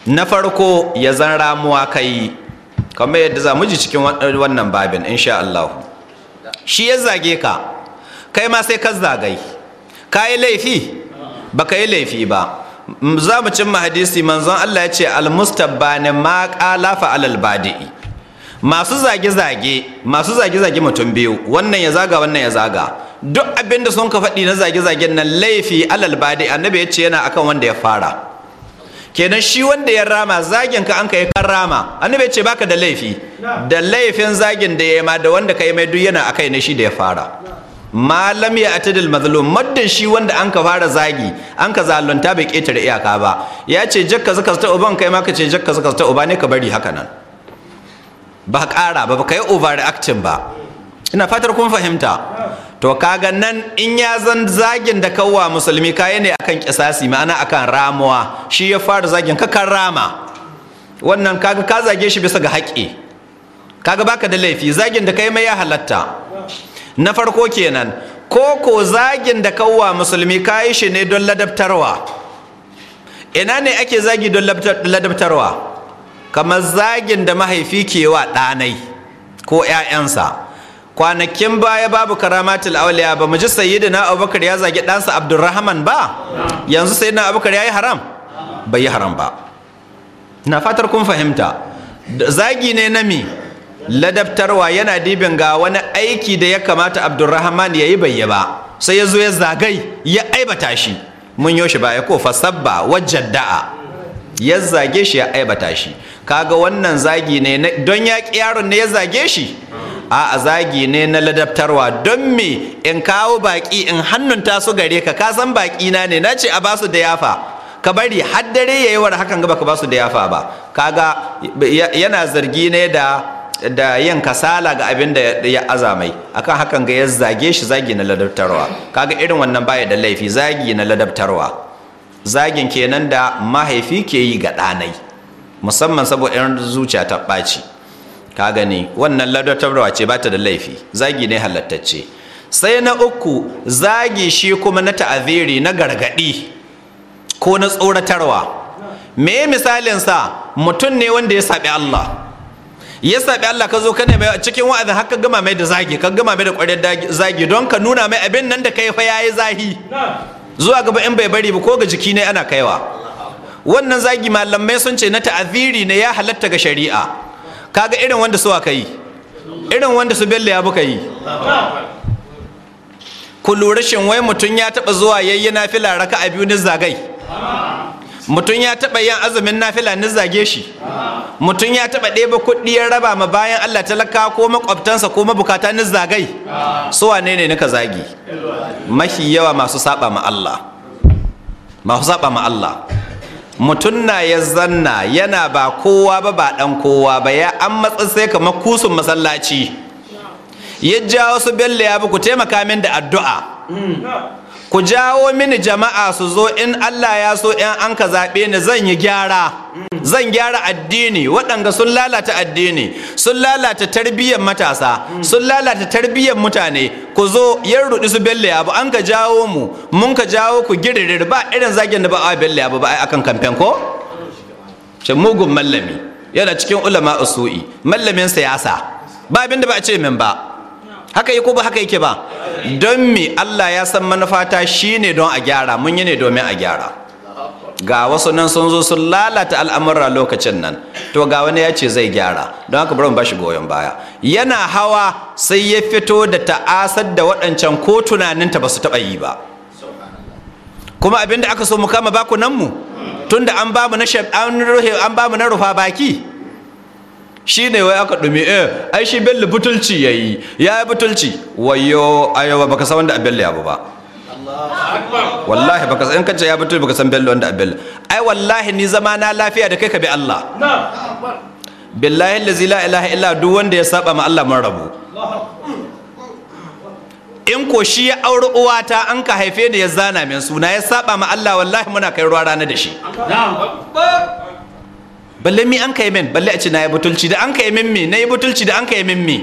na farko ya zan ramuwa kai kamar yadda za mu ji cikin wannan babin insha Allah shi ya zage ka kai ma sai ka zagai ka yi laifi ba ka yi laifi ba za mu cin hadisi manzon Allah ya ce ne ma ƙala fa alal masu zage-zage masu zage-zage mutum biyu wannan ya zaga wannan ya zaga duk abin da sun ka faɗi na zage-zagen nan laifi alal badi annabi ya ce yana akan wanda ya fara kenan shi wanda ya rama zagin ka an ka yi kan rama annabi ya ce baka da laifi da laifin zagin da ya yi ma da wanda ka yi mai duk yana akai na shi da ya fara malam ya atadil mazlum maddan shi wanda an ka fara zagi an ka zalunta bai ketare iyaka ba ya ce jakka zaka ta uban kai ma ka ce jakka zaka ta uba ne ka bari haka nan ba kara ba ka da overreacting ba ina fatar kun fahimta to kaga nan in ya zan zagin da kawwa musulmi kaya ne akan kisasi ma'ana akan ramuwa shi ya fara zagin ka kan rama wannan kaga ka zage shi bisa ga haƙƙi kaga baka da laifi zagin da kai mai ya halatta na farko kenan ko ko zagin da kawwa musulmi kayi shi ne don ladabtarwa ina ne ake zagi don ladabtarwa kamar zagin da mahaifi ke wa ɗanai ko 'ya'yansa kwanakin baya babu karamatul auliya ba mu ji sayyidina abubakar ya zagi ɗansa abdurrahman ba yanzu sayyidina abubakar ya yi haram bai yi haram ba na fatar kun fahimta zagi ne na mi ladabtarwa yana dibin ga wani aiki da ya kamata abdurrahman ya yi bayya ba sai ya zo ya zagai ya aibata shi mun yo shi ya ko fasabba wajen da'a ya zage shi ya aibata shi kaga wannan zagi ne don ya yaron ne ya zage shi a zagi ne na ladabtarwa don me in kawo baƙi in hannun su gare ka ka san baki na ne na ce a basu da yafa ka bari haddare ya yi wa hakan gaba ka basu da yafa ba kaga yana zargi ne da da yin kasala ga abin da ya azamai akan hakan ga ya zage shi zagi na ladabtarwa kaga irin wannan baya da laifi zagi na ladabtarwa zagin kenan da mahaifi ke yi ga ɗanai musamman saboda yan zuciya ta ɓaci ka gani wannan ladabtarwa ce ba ta da laifi zagi ne halattacce sai na uku zagi shi kuma na ta'aziri na gargaɗi ko na tsoratarwa me misalin sa mutum ne wanda ya saɓi Allah ya sabi Allah ka zo ka ne mai cikin wa'azi haka ka gama mai da zagi ka gama mai da ƙwarar zagi don ka nuna mai abin nan da kai fa yayi zahi zuwa gaba in bai bari ba ko ga jiki ne ana kaiwa wannan zagi malamai sun ce na ta'aziri ne ya halatta ga shari'a kaga irin wanda suwa ka yi irin wanda su bello ya buka yi ku lura shin wai mutum ya taɓa zuwa yayyana fila raka a biyu na zagai mutum ya taɓa yin azumin nafila ni zage shi mutum ya taɓa ɗeba kuɗi ya raba ma bayan Allah talaka ko makwabtansa ko mabukata ni zagai so wane ne nika zagi mafi yawa masu saba ma Allah masu saba ma Allah mutum na ya zanna yana ba kowa ba ba ɗan kowa ba ya an matsa sai kamar kusun masallaci ya jawo wasu bello ya ku taimaka min da addu'a ku jawo mini jama'a su zo in Allah ya so in an ka zaɓe ni zan yi gyara zan gyara addini waɗanda sun lalata addini sun lalata tarbiyyar matasa sun lalata tarbiyyar mutane ku zo yan ruɗi su belle abu an ka jawo mu mun ka jawo ku giririr ba irin zagin da ba a belle abu ba a akan kamfen ko ce mallami yana cikin ulama usu'i mallamin siyasa ba abin da ba a ce min ba haka yi ko ba haka yake ba don me Allah ya san manufata shine don a gyara mun yi ne domin a gyara ga wasu nan sun zo sun lalata al'amura lokacin nan to ga wani ya ce zai gyara don haka bari ba shi goyon baya yana hawa sai ya fito da ta'asar da waɗancan ko tunaninta ba su taɓa yi ba kuma abinda aka so mu kama baku nan mu tunda an bamu an ba mu na rufa baki shi ne wai aka ɗumi e eh, ai shi bello butulci ya yi ya yi butulci wayo ayawa baka san wanda a bello ya ba wallahi baka san kace ya butulci baka san bello wanda a bello ai wallahi ni zama na lafiya da kai ka bi Allah billahi allazi la ilaha illa duk wanda ya saba ma Allah mun rabu in ko shi ya auri uwata an ka haife ni ya zana min suna ya saba ma Allah wallahi muna kai ruwa rana da shi balle mi an kai min balle a ce na yi butulci da an kai min mi na yi butulci da an kai min mi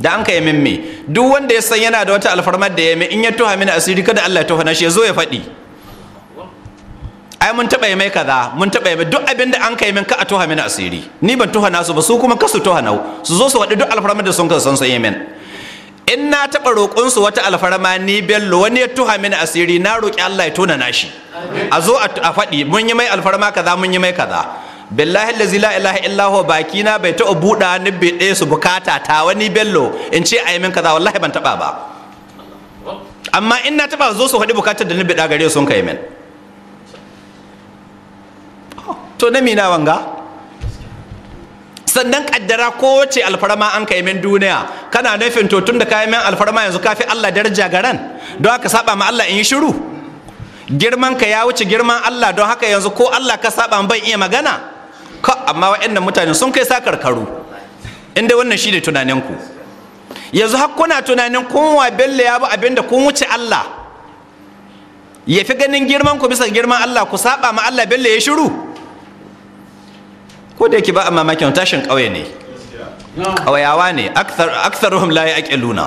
da an kai min mi duk wanda ya san yana da wata alfarmar da ya mai in ya tuha mini asiri kada Allah ya tuha na shi ya zo ya faɗi ai mun taɓa yi mai kaza mun taɓa yi mai duk abin da an kai min ka a tuha mini asiri ni ban tuha nasu ba su kuma kasu tuha nau su zo su waɗi duk alfarmar da sun kasu san sun yi min in na taɓa roƙonsu wata alfarma ni bello wani ya tuha mini asiri na roƙi Allah ya tona nashi a zo a faɗi mun yi mai alfarma kaza mun yi mai kaza billahi lazi la ilaha illahu baki bakina bai taɓa buɗa ni bai ɗaya su bukata ta wani bello in ce a yi min kaza wallahi ban taɓa ba amma in na taɓa zo su faɗi bukatar da ni bai ɗagare sun kai min oh, to na mina wanga sannan kaddara ko ce alfarma an ka min duniya kana nufin to tun da kayan min alfarma yanzu kafi Allah daraja garan don haka saba ma Allah in yi shiru girman ka ya wuce girman Allah don haka yanzu ko Allah ka saba ban iya magana ka amma waɗannan mutane sun kai sa karkaru inda wannan shi ne tunanin ku yanzu har kuna tunanin kun wa bella ya bi abin da kun wuce Allah ya fi ganin girman ku bisa girman Allah ku saba ma Allah bella ya shiru ko da yake ba a mamakin tashin ƙauye ne ƙauyawa ne layi la luna.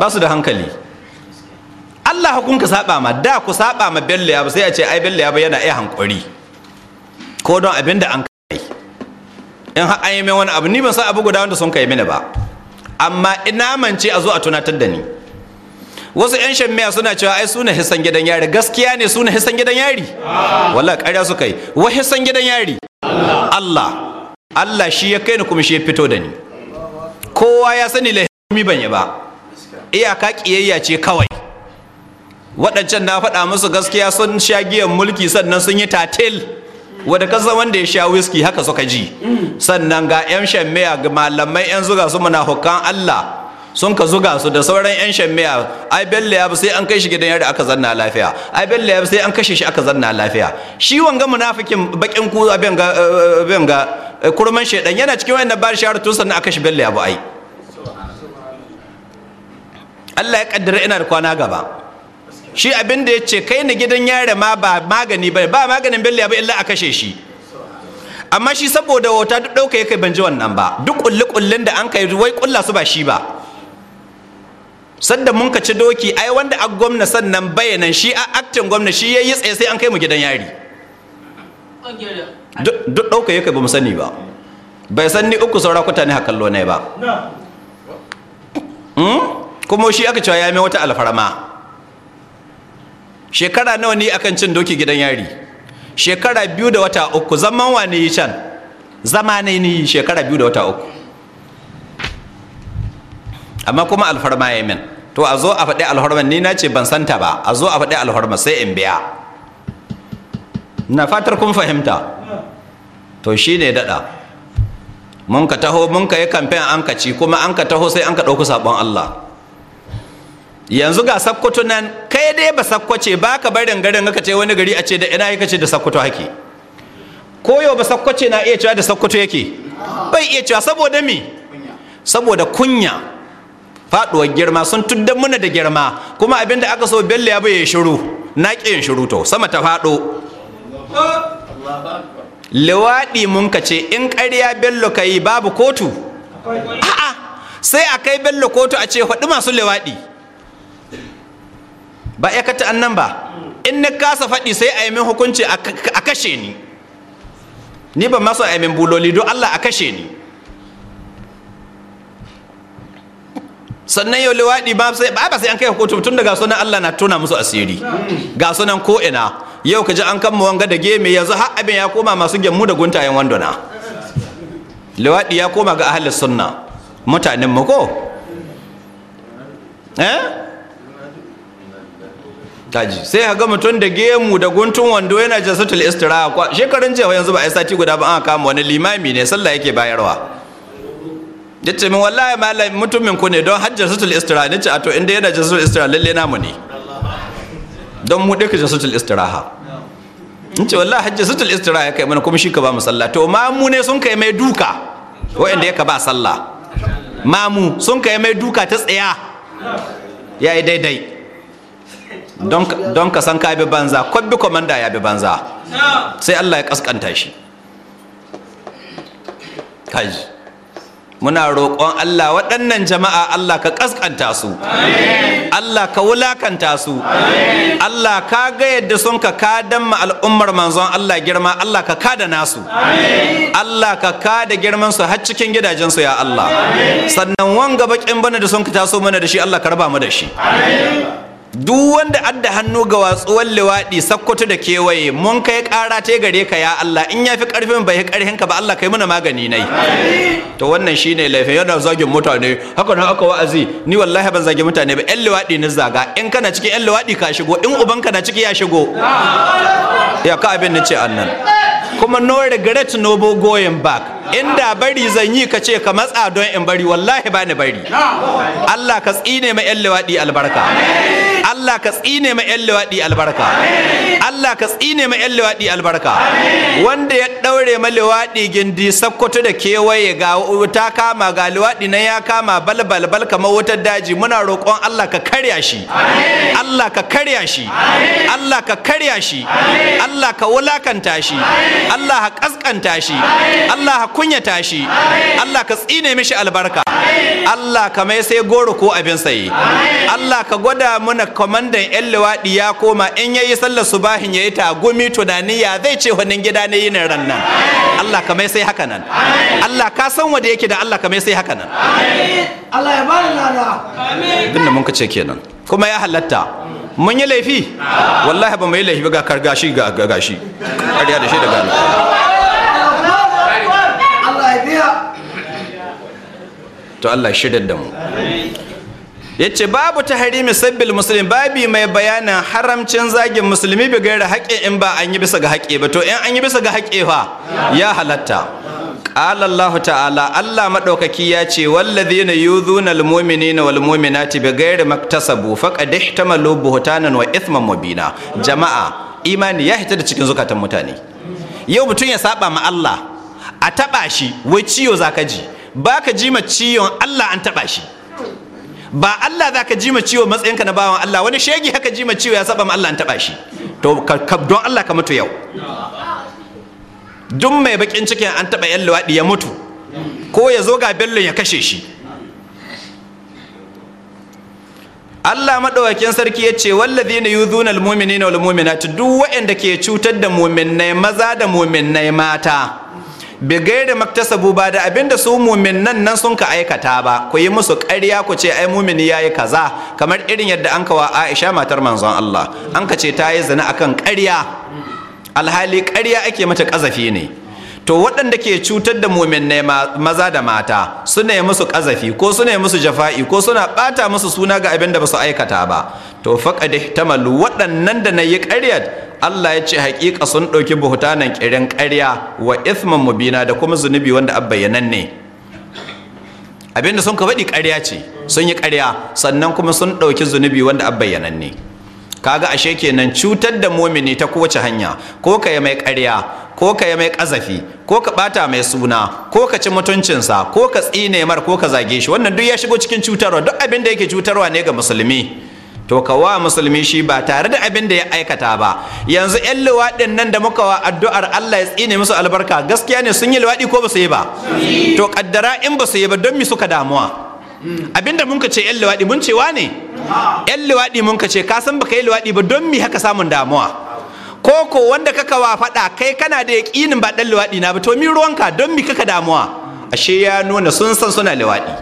ba su da hankali Allah kun ka saba ma da ku saba ma bello ya ba sai a ce ai bello ya ba yana iya hankuri ko don abin da an kai in har an yi min wani abu ni ban san abu guda wanda sun kai mini ba amma ina mance a zo a tunatar da ni wasu 'yan shammiya suna cewa ai suna hisan gidan yari gaskiya ne suna hisan gidan yari wala ƙarya suka yi wa hisan gidan yari Allah Allah shi ya kai ni kuma shi ya fito da ni kowa ya sani lahimi ban yi ba iyaka kiyayya ce kawai waɗancan na faɗa musu gaskiya sun sha giyan mulki sannan sun yi tatil wadda kasa wanda ya sha whisky haka suka ji sannan ga 'yan shan maya ga malamai 'yan zuga su munafukan Allah sun ka zuga su da sauran yan shammiya ai belle ya sai an kai shi gidan yari aka zanna lafiya ai belle ya sai an kashe shi aka zanna lafiya shi wanga munafikin bakin ku abin ga abin ga eh, kurman shedan yana cikin wayannan bar shahar tun sannan aka shi belle ya bu ai Allah ya kaddara ina da kwana gaba shi abin da ya ce kai ni gidan yare ma ba magani ba ba maganin belle ya ba illa a kashe shi amma shi saboda wata duk ɗauka ya kai ban ji wannan ba duk kulli kullin da an kai wai kulla su ba shi ba sadda mun ka ci doki ai wanda a gwamna sannan bayanan shi a aktin gwamna shi ya yi tsaye sai an kai mu gidan yari duk ɗauka yake ba mu sani ba bai san ni uku saura kuta ne kallo ne ba hmm? kuma shi aka cewa ya mai wata alfarma shekara nawa ne akan cin doki gidan yari shekara biyu da wata uku zaman ne yi can zama ne ni shekara biyu da wata uku amma kuma alfarma ya min to a zo a faɗi alfarma ni na ce ban santa ba a zo a faɗi alfarma sai in biya na fatar kun fahimta to shi ne daɗa mun ka taho mun ka yi kamfen an ka ci kuma an ka taho sai an ka ɗauku saɓon Allah yanzu ga sakkwato nan kai dai ba sakkwace ba ka barin garin ka ce wani gari a ce da ina yi ka ce da sakkwato hake koyo ba sakkwace na iya cewa da sakkwato yake bai iya cewa saboda me saboda kunya faduwar girma sun tuddan muna da girma kuma abinda aka so bello ya bai shiru na ƙin shiru to sama ta fado. liwaɗi mun ka in ƙarya bello ka yi babu kotu a'a sai a kai bello kotu a ce faɗi masu liwaɗi ba ya kata annan ba in na kasa faɗi sai a yi min hukunci a kashe ni ni ba masu a yi min buloli don allah a kashe ni sannan yau liwaɗi ba sai ba sai an kai kotu tun da daga sunan Allah na tona musu asiri ga sunan ko ina yau ka ji an kama wanga da geme yanzu har abin ya koma masu gemu da guntayen wandona liwaɗi ya koma ga ahli sunna mutanen mu ko eh taji sai ga mutum da gemu da guntun wando yana jasatul istiraha shekarun jiya yanzu ba a sati guda ba an kama wani limami ne sallah yake bayarwa ya ce min wallahi malam mutumin ku ne don hajjar sutul istira ni ce a to inda yana jasutul istira lalle namu ne don mu ɗauka jasutul ha? in ce wallahi hajjar sutul istira ya kai mana kuma shi ka ba mu sallah to mamu ne sun kai mai duka wa'anda ya ka ba sallah mamu sun kai mai duka ta tsaya ya yi daidai don ka san ka bi banza kwabbi komanda ya bi banza sai allah ya kaskanta shi kaji muna roƙon Allah waɗannan jama'a Allah ka ƙasƙanta su Allah ka wulakanta su Allah ka ga yadda sun ka kadan ma al'ummar manzon Allah girma Allah ka kada nasu Allah ka kada girman su har cikin gidajen su ya Allah sannan wanga baƙin bana da sun ka taso mana da shi Allah ka raba mu da shi duk wanda adda hannu ga watsuwar liwaɗi sakkwato da kewaye mun kai ƙara ta gare ka ya Allah in ya fi ƙarfin bai ƙarfin ka ba Allah kai muna magani nai to wannan shi ne laifin yana zagin mutane haka na aka wa'azi ni wallahi ban zagi mutane ba ƴan liwaɗi ni zaga in kana ciki ƴan liwaɗi ka shigo in ubanka na ciki ya shigo ya ka abin ni ce annan kuma no regret no go going back inda bari zan yi ka ce ka matsa don in bari wallahi bani bari Allah ka tsine ma yan liwaɗi albarka Allah ka tsine ma yan liwaɗi albarka Allah ka tsine ma yan liwaɗi albarka wanda ya ɗaure ma liwaɗi gindi sakkwato da kewaye ga wuta kama ga liwaɗi na ya kama balbal bal kamar wutar daji muna roƙon Allah ka karya shi Allah ka karya shi Allah ka karya shi Allah ka wulakanta shi Allah ka kaskanta shi Allah ka kunyata shi Allah ka tsine mishi albarka Allah ka mai sai goro ko abin sayi Allah ka gwada mana kwamandan yan luwaɗi ya koma in yayi sallar subahin yayi tagumi tunani ya zai ce wannan gida ne yin ran nan Allah ka mai sai haka nan Allah ka san wanda yake da Allah ka mai sai haka nan Allah ya bani lada abin da mun ka ce kenan kuma ya halatta mun yi laifi wallahi ba mu yi laifi ba ga gashi ga gashi ƙarya da shi da gani to Allah shirin da mu yace babu tahrimi sabbil muslim babi mai bayanin haramcin zagin musulmi bi gaira haƙe in ba an yi bisa ga haƙe ba to in an yi bisa ga haƙe fa ya halatta قال الله تعالى الله مدوكaki yace bai yuzuna almu'minina walmu'minati bighairi maktasabu ta malo buhtanan wa ithman mubina jama'a imani ya hita da cikin zukatan mutane yau mutum ya saba ma Allah a taɓa shi wai ciyo zaka ji Ba ji jima ciwon Allah an taɓa shi ba Allah za ka jima ciwo matsayinka na bawan Allah wani shegi haka jima ciwo ya saba ma Allah an taɓa shi to don Allah ka mutu yau duk mai bakin cikin an taɓa yan luwaɗi ya mutu ko ya zo ga bello ya kashe shi Allah maɗaukakin sarki ya ce wallazi na yi zuna almomini na duk waɗanda ke cutar da mominai maza da mominai mata bi gairi maktasabu ba da abinda su mumin nan nan sun ka aikata ba ku yi musu ƙarya ku ce ai mumini yayi kaza kamar irin yadda an kawa Aisha matar manzon Allah an ka ce ta yi zina akan ƙarya alhali ƙarya ake mata ƙazafi ne to waɗanda ke cutar da mumin ne maza da mata suna yi musu ƙazafi ko suna yi musu jafa'i ko suna ɓata musu suna ga abin da ba su aikata ba to da ihtamalu waɗannan da na yi ƙaryar Allah ya ce haƙiƙa sun ɗauki buhutanan ƙirin ƙarya wa ithman mubina da kuma zunubi wanda abbayanan ne abin da sun ka faɗi ƙarya ce sun yi ƙarya sannan kuma sun ɗauki zunubi wanda abbayanan ne kaga ashe kenan cutar da mumini ta kowace hanya ko ka yi mai ƙarya ko ka yi mai kazafi ko ka ɓata mai suna ko ka ci mutuncinsa ko ka tsine mar ko ka zage shi wannan duk ya shigo cikin cutarwa duk abin da yake cutarwa ne ga musulmi to ka wa musulmi shi ba tare da abin da ya aikata ba yanzu yan luwaɗin nan da muka wa addu'ar Allah ya tsine musu albarka gaskiya ne sun yi luwaɗi ko ba su yi ba to kaddara in ba su yi ba don mi suka damuwa abinda mun ka ce yan luwaɗi mun ce wa ne yan luwaɗi mun ka ce ka san baka yi luwaɗi ba don mi haka samun damuwa koko wanda kaka wa faɗa kai kana da yaƙinin ba ɗan luwaɗi na ba to min ruwanka don mi kaka damuwa ashe ya nuna sun san suna luwaɗi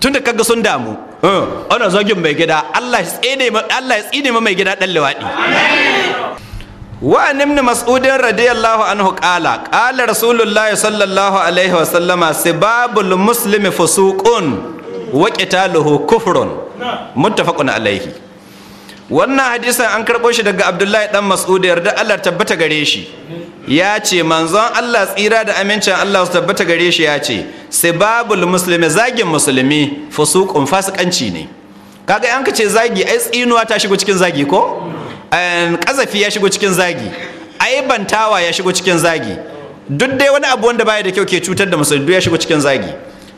tun da kaga sun damu eh, ana zagin mai gida Allah ya tsine ma Allah ya tsine mai gida ɗan luwaɗi wa nimni mas'udin radiyallahu anhu qala qala rasulullahi sallallahu alaihi wa sallama sibabul muslimi fusuqun wa qitaluhu kufrun muttafaqun alaihi wannan hadisan an karɓo shi daga abdullahi dan mas'ud yarda allah tabbata gare shi ya ce manzon allah tsira da amincin allah su tabbata gare shi ya ce Babu muslimi zagin musulmi fusuqun fasikanci ne kaga yanka ce zagi ai tsinuwa ta shigo cikin zagi ko kazafi ya shigo cikin zagi ai bantawa ya shigo cikin zagi duk dai wani abu wanda baya da kyau ke cutar da musulmi ya shigo cikin zagi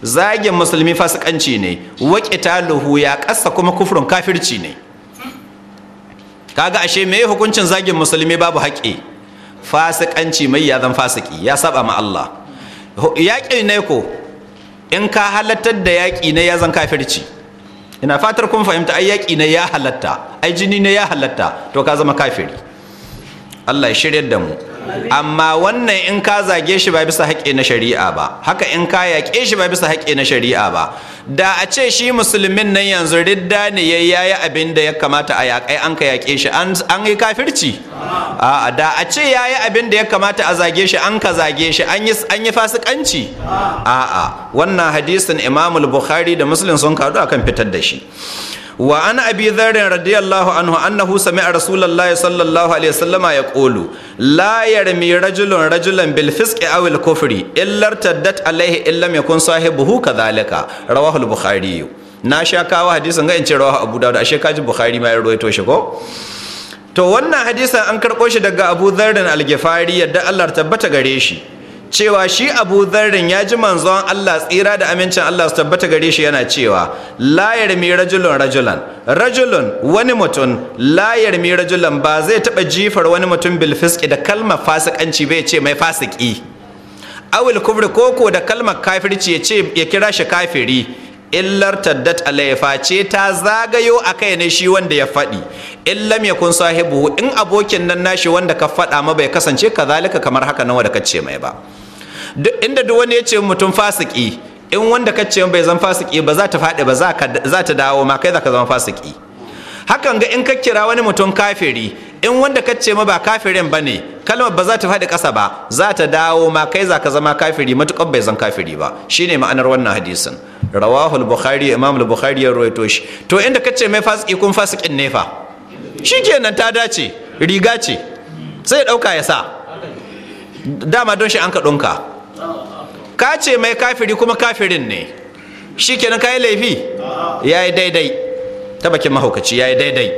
zagin musulmi fasikanci ne luhu ya ƙasa kuma kufurin kafirci ne kaga ashe me hukuncin zagin musulmi babu haƙƙi fasikanci mai ya zan fasiki ya saba ma Allah yaƙi ne ko in ka halattar da yaƙi ne ya zan kafirci ina fatar kun fahimta ai yaƙi ne ya halatta ai jini ne ya halatta to ka zama kafiri Allah ya shirya da mu amma wannan in ka zage shi ba bisa haƙƙi na shari'a ba haka in ka yaƙe shi ba bisa haƙƙi na shari'a ba da a ce shi musulmin nan yanzu ridda ne ya yayi abin da ya kamata a yaƙai an ka yaƙe shi an yi kafirci a da a ce yayi abin da ya kamata a zage shi an ka zage shi an yi fasikanci a'a wannan hadisin imamul bukhari da muslim sun kaɗu akan fitar da shi wa ana abi dharrin radiyallahu anhu annahu sami'a rasulullahi sallallahu alaihi wasallam ya qulu la yarmi rajulun rajulan bil fisqi aw al kufri illa taddat alaihi illam yakun sahibuhu kadhalika rawahu al bukhari na sha kawo hadisin ga in ce rawahu abu dawud ashe kaji bukhari ma ya rawaito shi ko to wannan hadisin an karɓo shi daga abu dharrin al-ghifari yadda Allah tabbata gare shi cewa shi abu zarrin ya ji manzon Allah tsira da amincin Allah su tabbata gare shi yana cewa layar mi rajulun rajulan rajulun wani mutum layar mi rajulan ba zai taɓa jifar wani mutum bilfiski da kalmar fasikanci bai ce mai fasiki awil kufri koko da kalmar kafirci ya ce ya kira shi kafiri illar taddat alaifa ce ta zagayo a kai ne shi wanda ya faɗi in lam yakun sahibu in abokin nan nashi wanda ka faɗa ma bai kasance kazalika kamar haka nan wanda kace mai ba inda duk wani yace ce mutum fasiki in wanda kace bai zan fasiki ba za ta faɗi ba za ta dawo ma kai za ka zama fasiki hakan ga in ka kira wani mutum kafiri in wanda ka ma ba kafirin ba ne kalmar ba za ta faɗi ƙasa ba za ta dawo ma kai za ka zama kafiri matuƙar bai zan kafiri ba shine ma'anar wannan hadisin rawahul bukhari imam al-bukhari ya ruwaito shi to inda kace ce mai fasiki kun fasikin ne fa shikenan ta dace riga ce sai ɗauka ya sa dama don shi an ka ɗunka ka ce mai kafiri kuma kafirin ne shikenan ka yi laifi ya yi daidai ta bakin mahaukaci ya yi daidai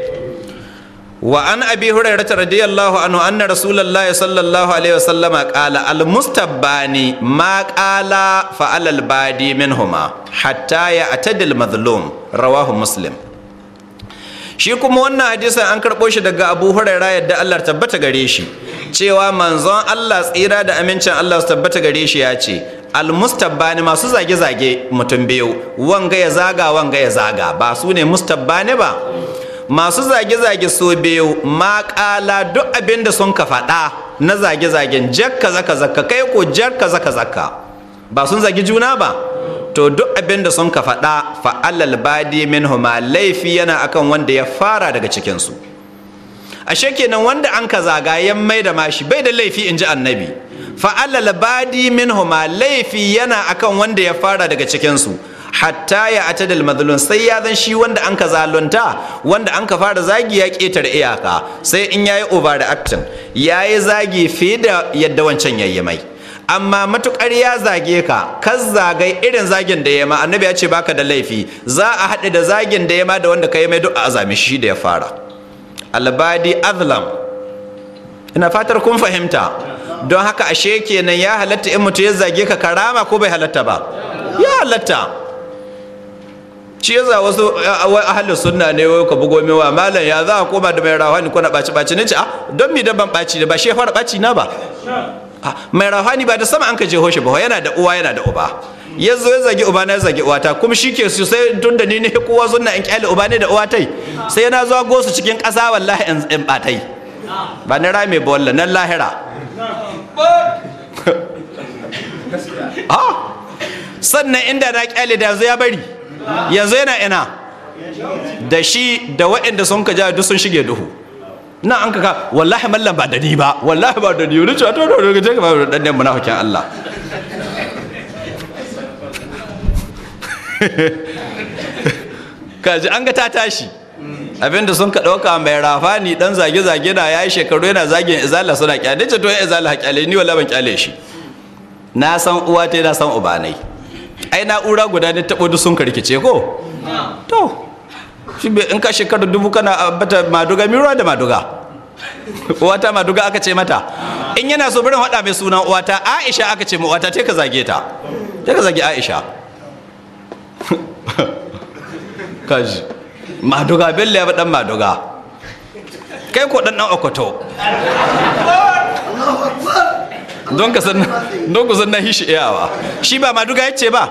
wa an abi rata radiyallahu anhu anna ya sallallahu alaihi wasallama qala al mustabbani ma kala fa badi min huma, hatta ya atadil mazlum rawahu muslim shi kuma wannan hadisin an karɓo shi daga abu huraira yadda allah tabbata gare shi cewa manzon allah tsira da amincin allah su tabbata gare shi ya ce almustabbani masu zage-zage mutum biyu wanga ya zaga wanga ya zaga ba su ne mustabbani ba masu zage-zage so biyu maƙala duk abin da sun ka faɗa na zage-zagen jakka zaka zaka kai ko jakka zaka zaka ba sun zagi juna ba to duk abin da sun ka faɗa fa'alal badi huma laifi yana akan wanda ya fara daga cikinsu ashe kenan wanda an ka zagayen mai da mashi bai da laifi in ji annabi fa'alal badi huma laifi yana akan wanda ya fara daga cikinsu hatta ya ata da sai ya zan shi wanda an ka zalunta wanda an ka fara zagi ya ketar iyaka sai in yayi Ya yayi zagi fi da yadda wancan yayi mai amma matukar ya zage ka kan zagai irin zagin da ya ma annabi ya ce baka da laifi za a haɗe da zagin da ya ma da wanda ka yi mai duk a azami shi da ya fara albadi azlam ina fatar kun fahimta don haka ashe kenan ya halatta in mutum ya zage ka karama ko bai halatta ba ya halatta Ciza wasu ahalin sunna ne wai ka bugo mewa malam ya za a koma da mai rawani kuna ɓaci ah, ɓaci ne ce a don mi da ɓaci da ba shi ya fara ɓaci na ba mai rahani ba da sama an ka je hoshi ba yana da uwa yana da uba ya zo ya zagi uba na zagi uwa ta kuma ke su sai tun da ni ne kowa zunna in kyale uba ne da uwa tai sai na zuwa gosu cikin ƙasa wallahi in batai ba na rame ba wallahi nan lahira sannan inda na kyale da yanzu ya bari yanzu yana ina da shi da waɗanda sun ka ja duk sun shige duhu na an kaka wallahi mallam ba da ni ba wallahi ba da ni wani cewa to to ga take ba da na munafikin Allah kaji an ga ta tashi abinda sun ka dauka mai rafa ni dan zage zage na yayi shekaru yana zagin izala suna kyale ce to ya izala kyale ni wallahi ban kyale shi na san uwa ta na san ubanai ai na'ura guda ne tabo duk sun karkice ko to shi in ka shekaru dubu kana ah, bata maduga miruwa da maduga uwata maduga aka ce mata in yana so barin hada mai suna, uwata aisha aka ce uwata te ka zage ta te ka zage aisha kaji maduga bello ya dan maduga kai ko dan dan okwato don ka san don ku san na hishi iyawa shi ba maduga yace ba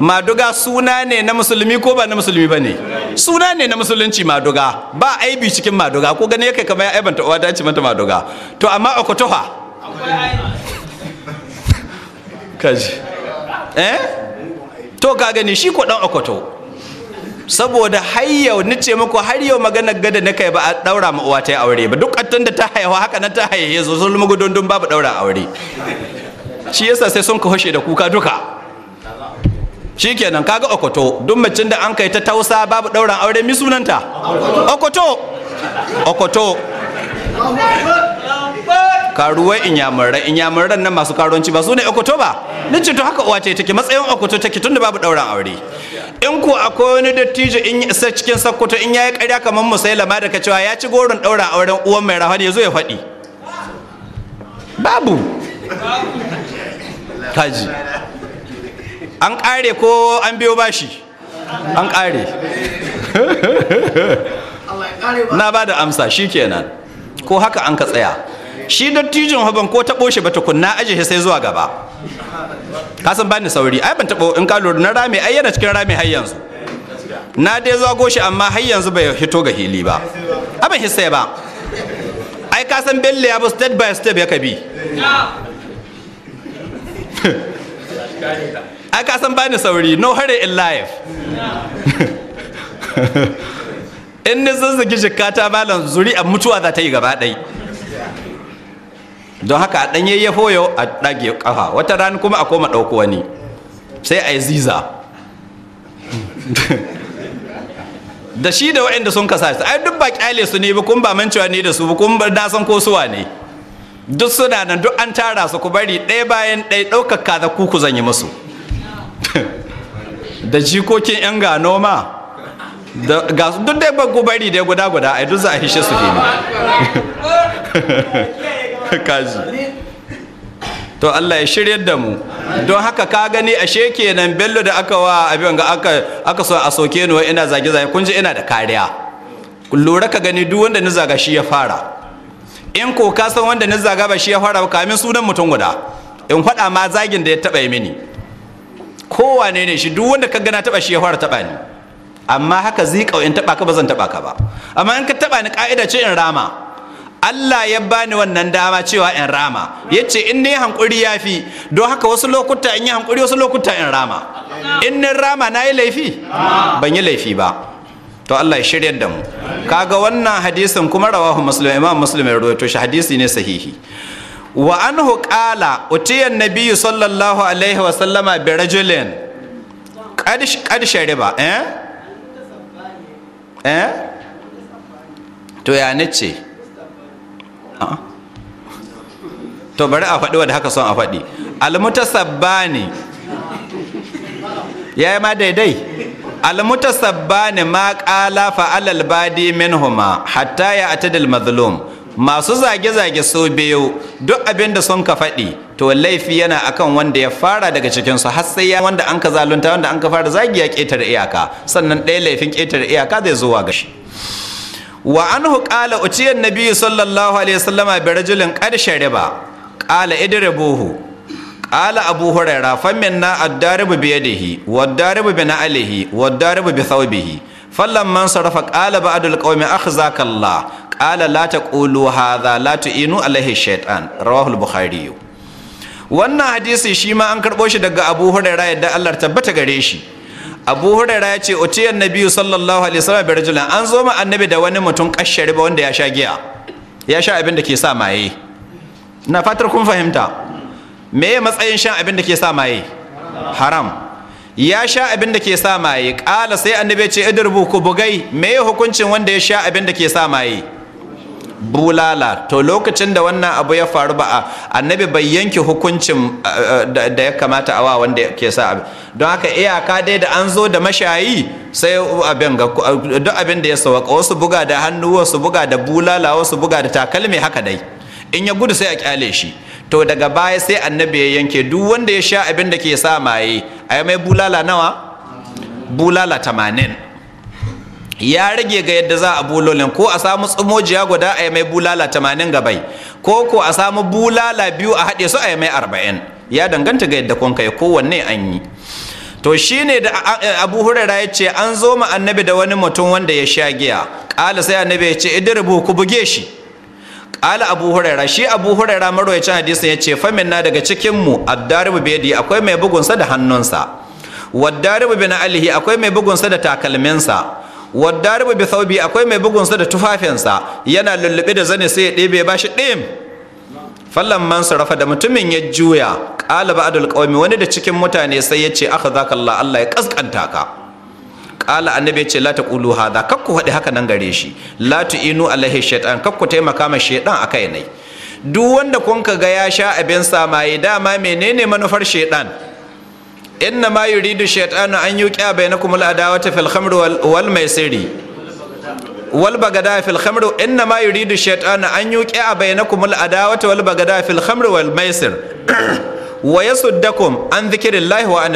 maduga suna ne na musulmi ko ba na musulmi ba ne suna ne na musulunci maduga ba aibi cikin maduga ko gane kai kamar ya ta, uwa ta ci mata maduga to amma okotoha kaji eh to ka gani shi ko dan okoto saboda har yau ni ce muku har yau magana gada na kai ba a daura ma uwa ta yi aure ba duk attun da ta haihu haka nan ta haihe zo zulmu gudundun babu daura aure shi yasa sai sun ka hoshe da kuka duka shikenan kaga okoto duk macin da an kai ta tausa babu dauran aure mi sunanta okoto okoto karuwa inyamurai inyamuran nan masu karuwanci ba su ne okoto ba ni ce to haka uwa ce take matsayin okoto take tunda babu dauran aure in ko akwai wani dattijo in sa cikin sakkwato in yayi ƙarya kamar musailama da ka cewa ya ci goron daura auren uwan mai rahani yazo ya faɗi babu kaji an ƙare ko an biyo bashi an ƙare na ba da amsa shi ko haka an ka tsaya shi dattijin haban ko taɓo shi ba tukunna aji shi sai zuwa gaba ka san bani sauri ai ban taɓo in ka lura na rame ai yana cikin rame har yanzu na dai zuwa goshi amma har yanzu bai hito ga hili ba abin hisse ba ai ka san belle ya bu step by step ya bi. ai ka san bani sauri no hurry in life in ni zazzagi jikka ta malam zuri a mutuwa za ta yi gaba ɗai don haka a ɗanye ya foyo a ɗage ƙafa wata rana kuma a koma ɗauko wani sai a yi ziza da shi da waɗanda sun kasa su ai duk ba kyale su ne ba kun ba mancewa ne da su ba kun na san ko suwa ne duk suna nan duk an tara su ku bari ɗaya bayan ɗaya ɗaukaka da kuku zan yi musu da jikokin 'yan ga noma ga duk dai bagu bari dai guda guda ai duk za a hishe su ne kaji to Allah ya shiryar da mu don haka ka gani ashe kenan bello da aka wa abin ga aka aka so a soke ni ina zage zage kun ji ina da kariya lura ka gani duk wanda ni zaga shi ya fara in ko ka san wanda ni zaga ba shi ya fara ba kamin sunan mutum guda in faɗa ma zagin da ya taɓa yi mini kowane ne shi duk wanda ka gana taba shi ya fara taba ni amma haka zika in taba ka ba zan taba ka ba amma in ka taba ni ka'ida ce in rama Allah ya bani wannan dama cewa in rama ya ce in ne hankuri ya fi don haka wasu lokuta in yi hankuri wasu lokuta in rama in ni rama na yi laifi ban yi laifi ba to Allah ya shirya da mu kaga wannan hadisin kuma rawahu muslim imam muslim ya rawaito shi hadisi ne sahihi wa anhu qala nabiyyu sallallahu alaihi wa sallama bi rajulin qad qad shariba eh eh to ya nace ah. to bari a faɗi wanda haka son a faɗi almutasabbani ya yi ma daidai almutasabbani ma ƙala fa'alal badi minhuma hatta ya atadil mazlum masu zage-zage so biyu duk abin da sun ka faɗi to laifi yana akan wanda ya fara daga cikinsu har sai ya wanda an ka zalunta wanda an ka fara zagiya ya ƙetare iyaka sannan ɗaya laifin ƙetare iyaka zai zuwa ga wa anhu qala uciyan nabiyyu sallallahu alaihi wasallama bi rajulin qad shariba qala idribuhu bi yadihi هريرة فمنا bi na'alihi والدارب بنعله bi thawbihi falamman sarafa qala ba'dul qaumi akhzaka Allah qala la taqulu hadha la tu'inu alaihi shaytan rawahu al-bukhari wannan hadisi shi ma an karɓo shi daga Abu Hurairah yadda Allah tabbata gare shi Abu Hurairah ya ce utiyan nabi sallallahu alaihi wasallam bi rajulin an zo ma annabi da wani mutum kashari ba wanda ya sha giya ya sha abin da ke sa maye na fatar kun fahimta me matsayin shan abin da ke sa maye haram ya sha abin da ke sa maye ƙala sai annabi ce idrubu ku bugai me hukuncin wanda ya sha abin da ke sa maye bulala to lokacin da wannan abu ya faru ba a annabi bai yanke hukuncin da ya kamata a wanda ke sa abin don haka iyaka dai da an zo da mashayi sai abin ga duk abin da ya sawaka wasu buga da hannu wasu buga da bulala wasu buga da takalmi haka dai in ya gudu sai a kyale shi to daga baya sai annabi ya yanke duk wanda ya sha abin da ke sa maye a mai bulala nawa bulala tamanin ya rage ga yadda za a bulolin ko a samu tsumojiya guda a mai bulala tamanin gabai ko ko a samu bulala biyu a haɗe su a mai arba'in ya danganta ga yadda kun kai kowanne an yi to shine da abu hurara ya ce an zo ma annabi da wani mutum wanda ya sha giya ƙala sai annabi ya ce idir ku buge shi Ƙala Abu Huraira shi Abu Huraira marwayacin hadisin yace fa minna daga cikin mu addaribu bedi akwai mai bugunsa da hannunsa waddaribu na alihi akwai mai bugunsa da takalminsa waddaribu bi thawbi akwai mai bugunsa da tufafinsa yana lullube da zane sai ya ɗebe ba shi ɗim fallan man sarafa da mutumin ya juya ƙala ba'dul Qawmi: wani da cikin mutane sai yace akhadhaka Allah Allah ya kaskanta ka qala annabi ce la taqulu hadha kakku hadi haka nan gare shi la tu'inu alaihi shaytan kakku taimaka ma shaytan akai nai duk wanda kun ka ga ya sha abin samaye dama menene manufar shaytan inna ma yuridu shaytanu an yuqiya bainakum al-adawata fil khamr wal maisiri والبغداء في الخمر انما يريد الشيطان ان يوقع بينكم العداوه والبغداء في الخمر والميسر ويصدكم عن ذكر الله وعن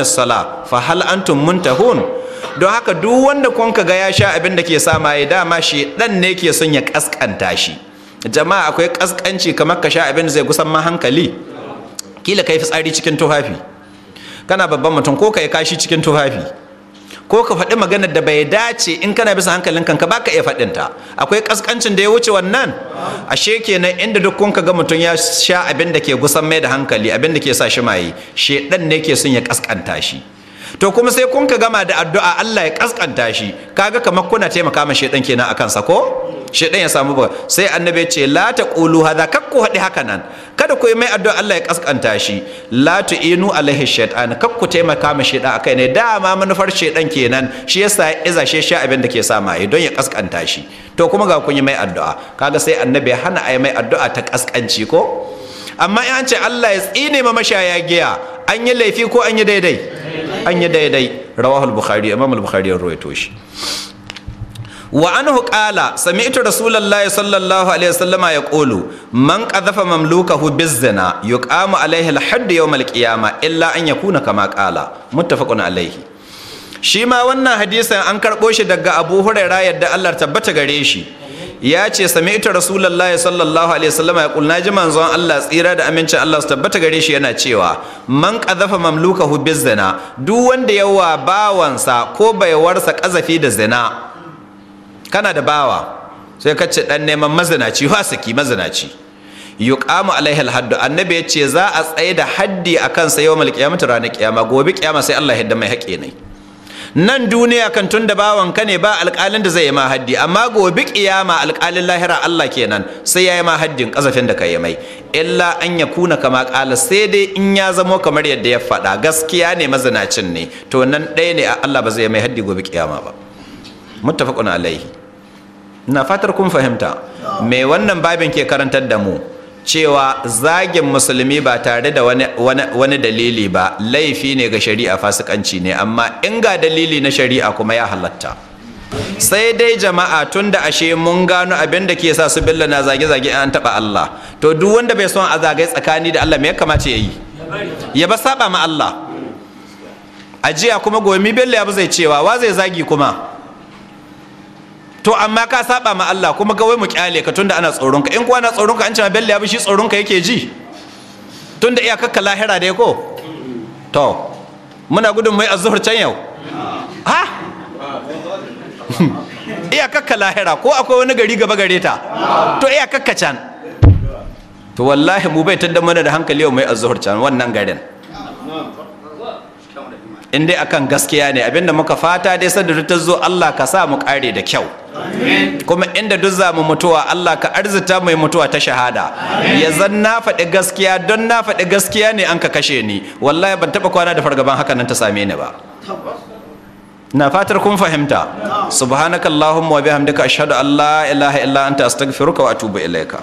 don haka duk wanda kun ga ya sha abin da ke sa maye dama shi dan ne ke son ya kaskanta shi jama'a akwai kaskanci kamar ka sha abin da zai kusan ma hankali kila kai fitsari cikin tufafi kana babban mutum ko kai kashi cikin tufafi ko ka faɗi maganar da bai dace in kana bisa hankalin kanka baka iya faɗin ta akwai kaskancin da ya wuce wannan ashe kenan inda duk kun ga mutum ya sha abin da ke gusan mai da hankali abin da ke sa shi maye shedan ne ke son ya kaskanta shi to kuma sai kun ka gama da addu'a Allah ya kaskanta shi kaga kamar kuna taimaka ma shedan kenan akan sa ko shedan ya samu ba sai annabi ya ce la taqulu hadha kakku hadi haka nan kada ku yi mai addu'a Allah ya kaskanta shi la tu'inu alaihi shaytan kakku taimaka ma shedan akai ne dama manufar shedan kenan shi yasa iza she sha abin da ke sa mai don ya kaskanta shi to kuma ga kun yi mai addu'a kaga sai annabi ya hana ai mai addu'a ta kaskanci ko amma in an ce Allah ya tsine ma mashaya giya an yi laifi ko an yi daidai an yi daidai rawahul bukhari imam al-bukhari ya rawaito shi wa anhu qala sami'tu rasulullahi sallallahu alaihi wasallama yaqulu man qadhafa mamlukahu bizna yuqamu alaihi al-hadd yawm al-qiyama illa an yakuna kama qala muttafaqun alaihi shi ma wannan hadisin an karɓo shi daga abu huraira yadda allah tabbata gare shi ya ce sami'tu rasulullahi sallallahu alaihi wasallam ya kulna ji manzon Allah tsira da amincin Allah su tabbata gare shi yana cewa man qadhafa hu bizina duk wanda yawa bawansa ko baiwarsa kazafi da zina kana da bawa sai ka ce dan neman mazinaci mazina mazinaci yuqamu alaihi alhaddu annabi ya ce za a tsaye da haddi akan sa yawmal qiyamah ranar qiyama gobe qiyama sai Allah ya hidda mai haƙe ne nan duniya kan tun da bawan ka ne ba alƙalin da zai yi mahaddi amma gobe ƙiyama alƙalin lahira Allah kenan sai ya yi ma haddin da ka yi mai illa an ya kuna kama ƙala sai dai in ya zamo kamar yadda ya faɗa gaskiya ne mazinacin ne to nan ɗaya ne Allah ba zai yi mai haddi gobe kiyama ba muttafaqun alaihi na fatar kun fahimta me wannan babin ke karantar da mu cewa zagin musulmi ba tare da wani, dalili ba laifi ne ga shari'a fasikanci ne amma in ga dalili na shari'a kuma ya halatta sai dai jama'a tun da ashe mun gano abin da ke sa su billa na zage-zage an taɓa Allah to duk wanda bai son a zagai tsakani da Allah me ya kamace ya yi ya ba saba ma Allah ajiya kuma gomi billa ya zai cewa wa zai zagi kuma to amma ka saba ma Allah kuma ga wai mu kyale ka tunda ana tsoron ka in kuwa na tsoron ka an ce ma ya bi shi tsoron ka yake ji tunda iya kakka lahira dai ko to muna gudun mai azhur can yau ha iya kakka lahira ko akwai wani gari gaba gare ta to iya kakka can to wallahi mu bai tadda mana da hankali yau mai azhur can wannan garin in dai akan gaskiya ne abinda muka fata dai sadar ta zo Allah ka sa mu kare da kyau kuma inda duk za mu mutuwa Allah ka arzita mai mutuwa ta shahada ya zan na faɗi gaskiya don na faɗi gaskiya ne an ka kashe ni wallahi ban taɓa kwana da fargaban haka nan ta same ni ba na fatar kun fahimta subhanakallahumma wa bihamdika ashhadu an la ilaha illa anta astaghfiruka wa atubu ilaika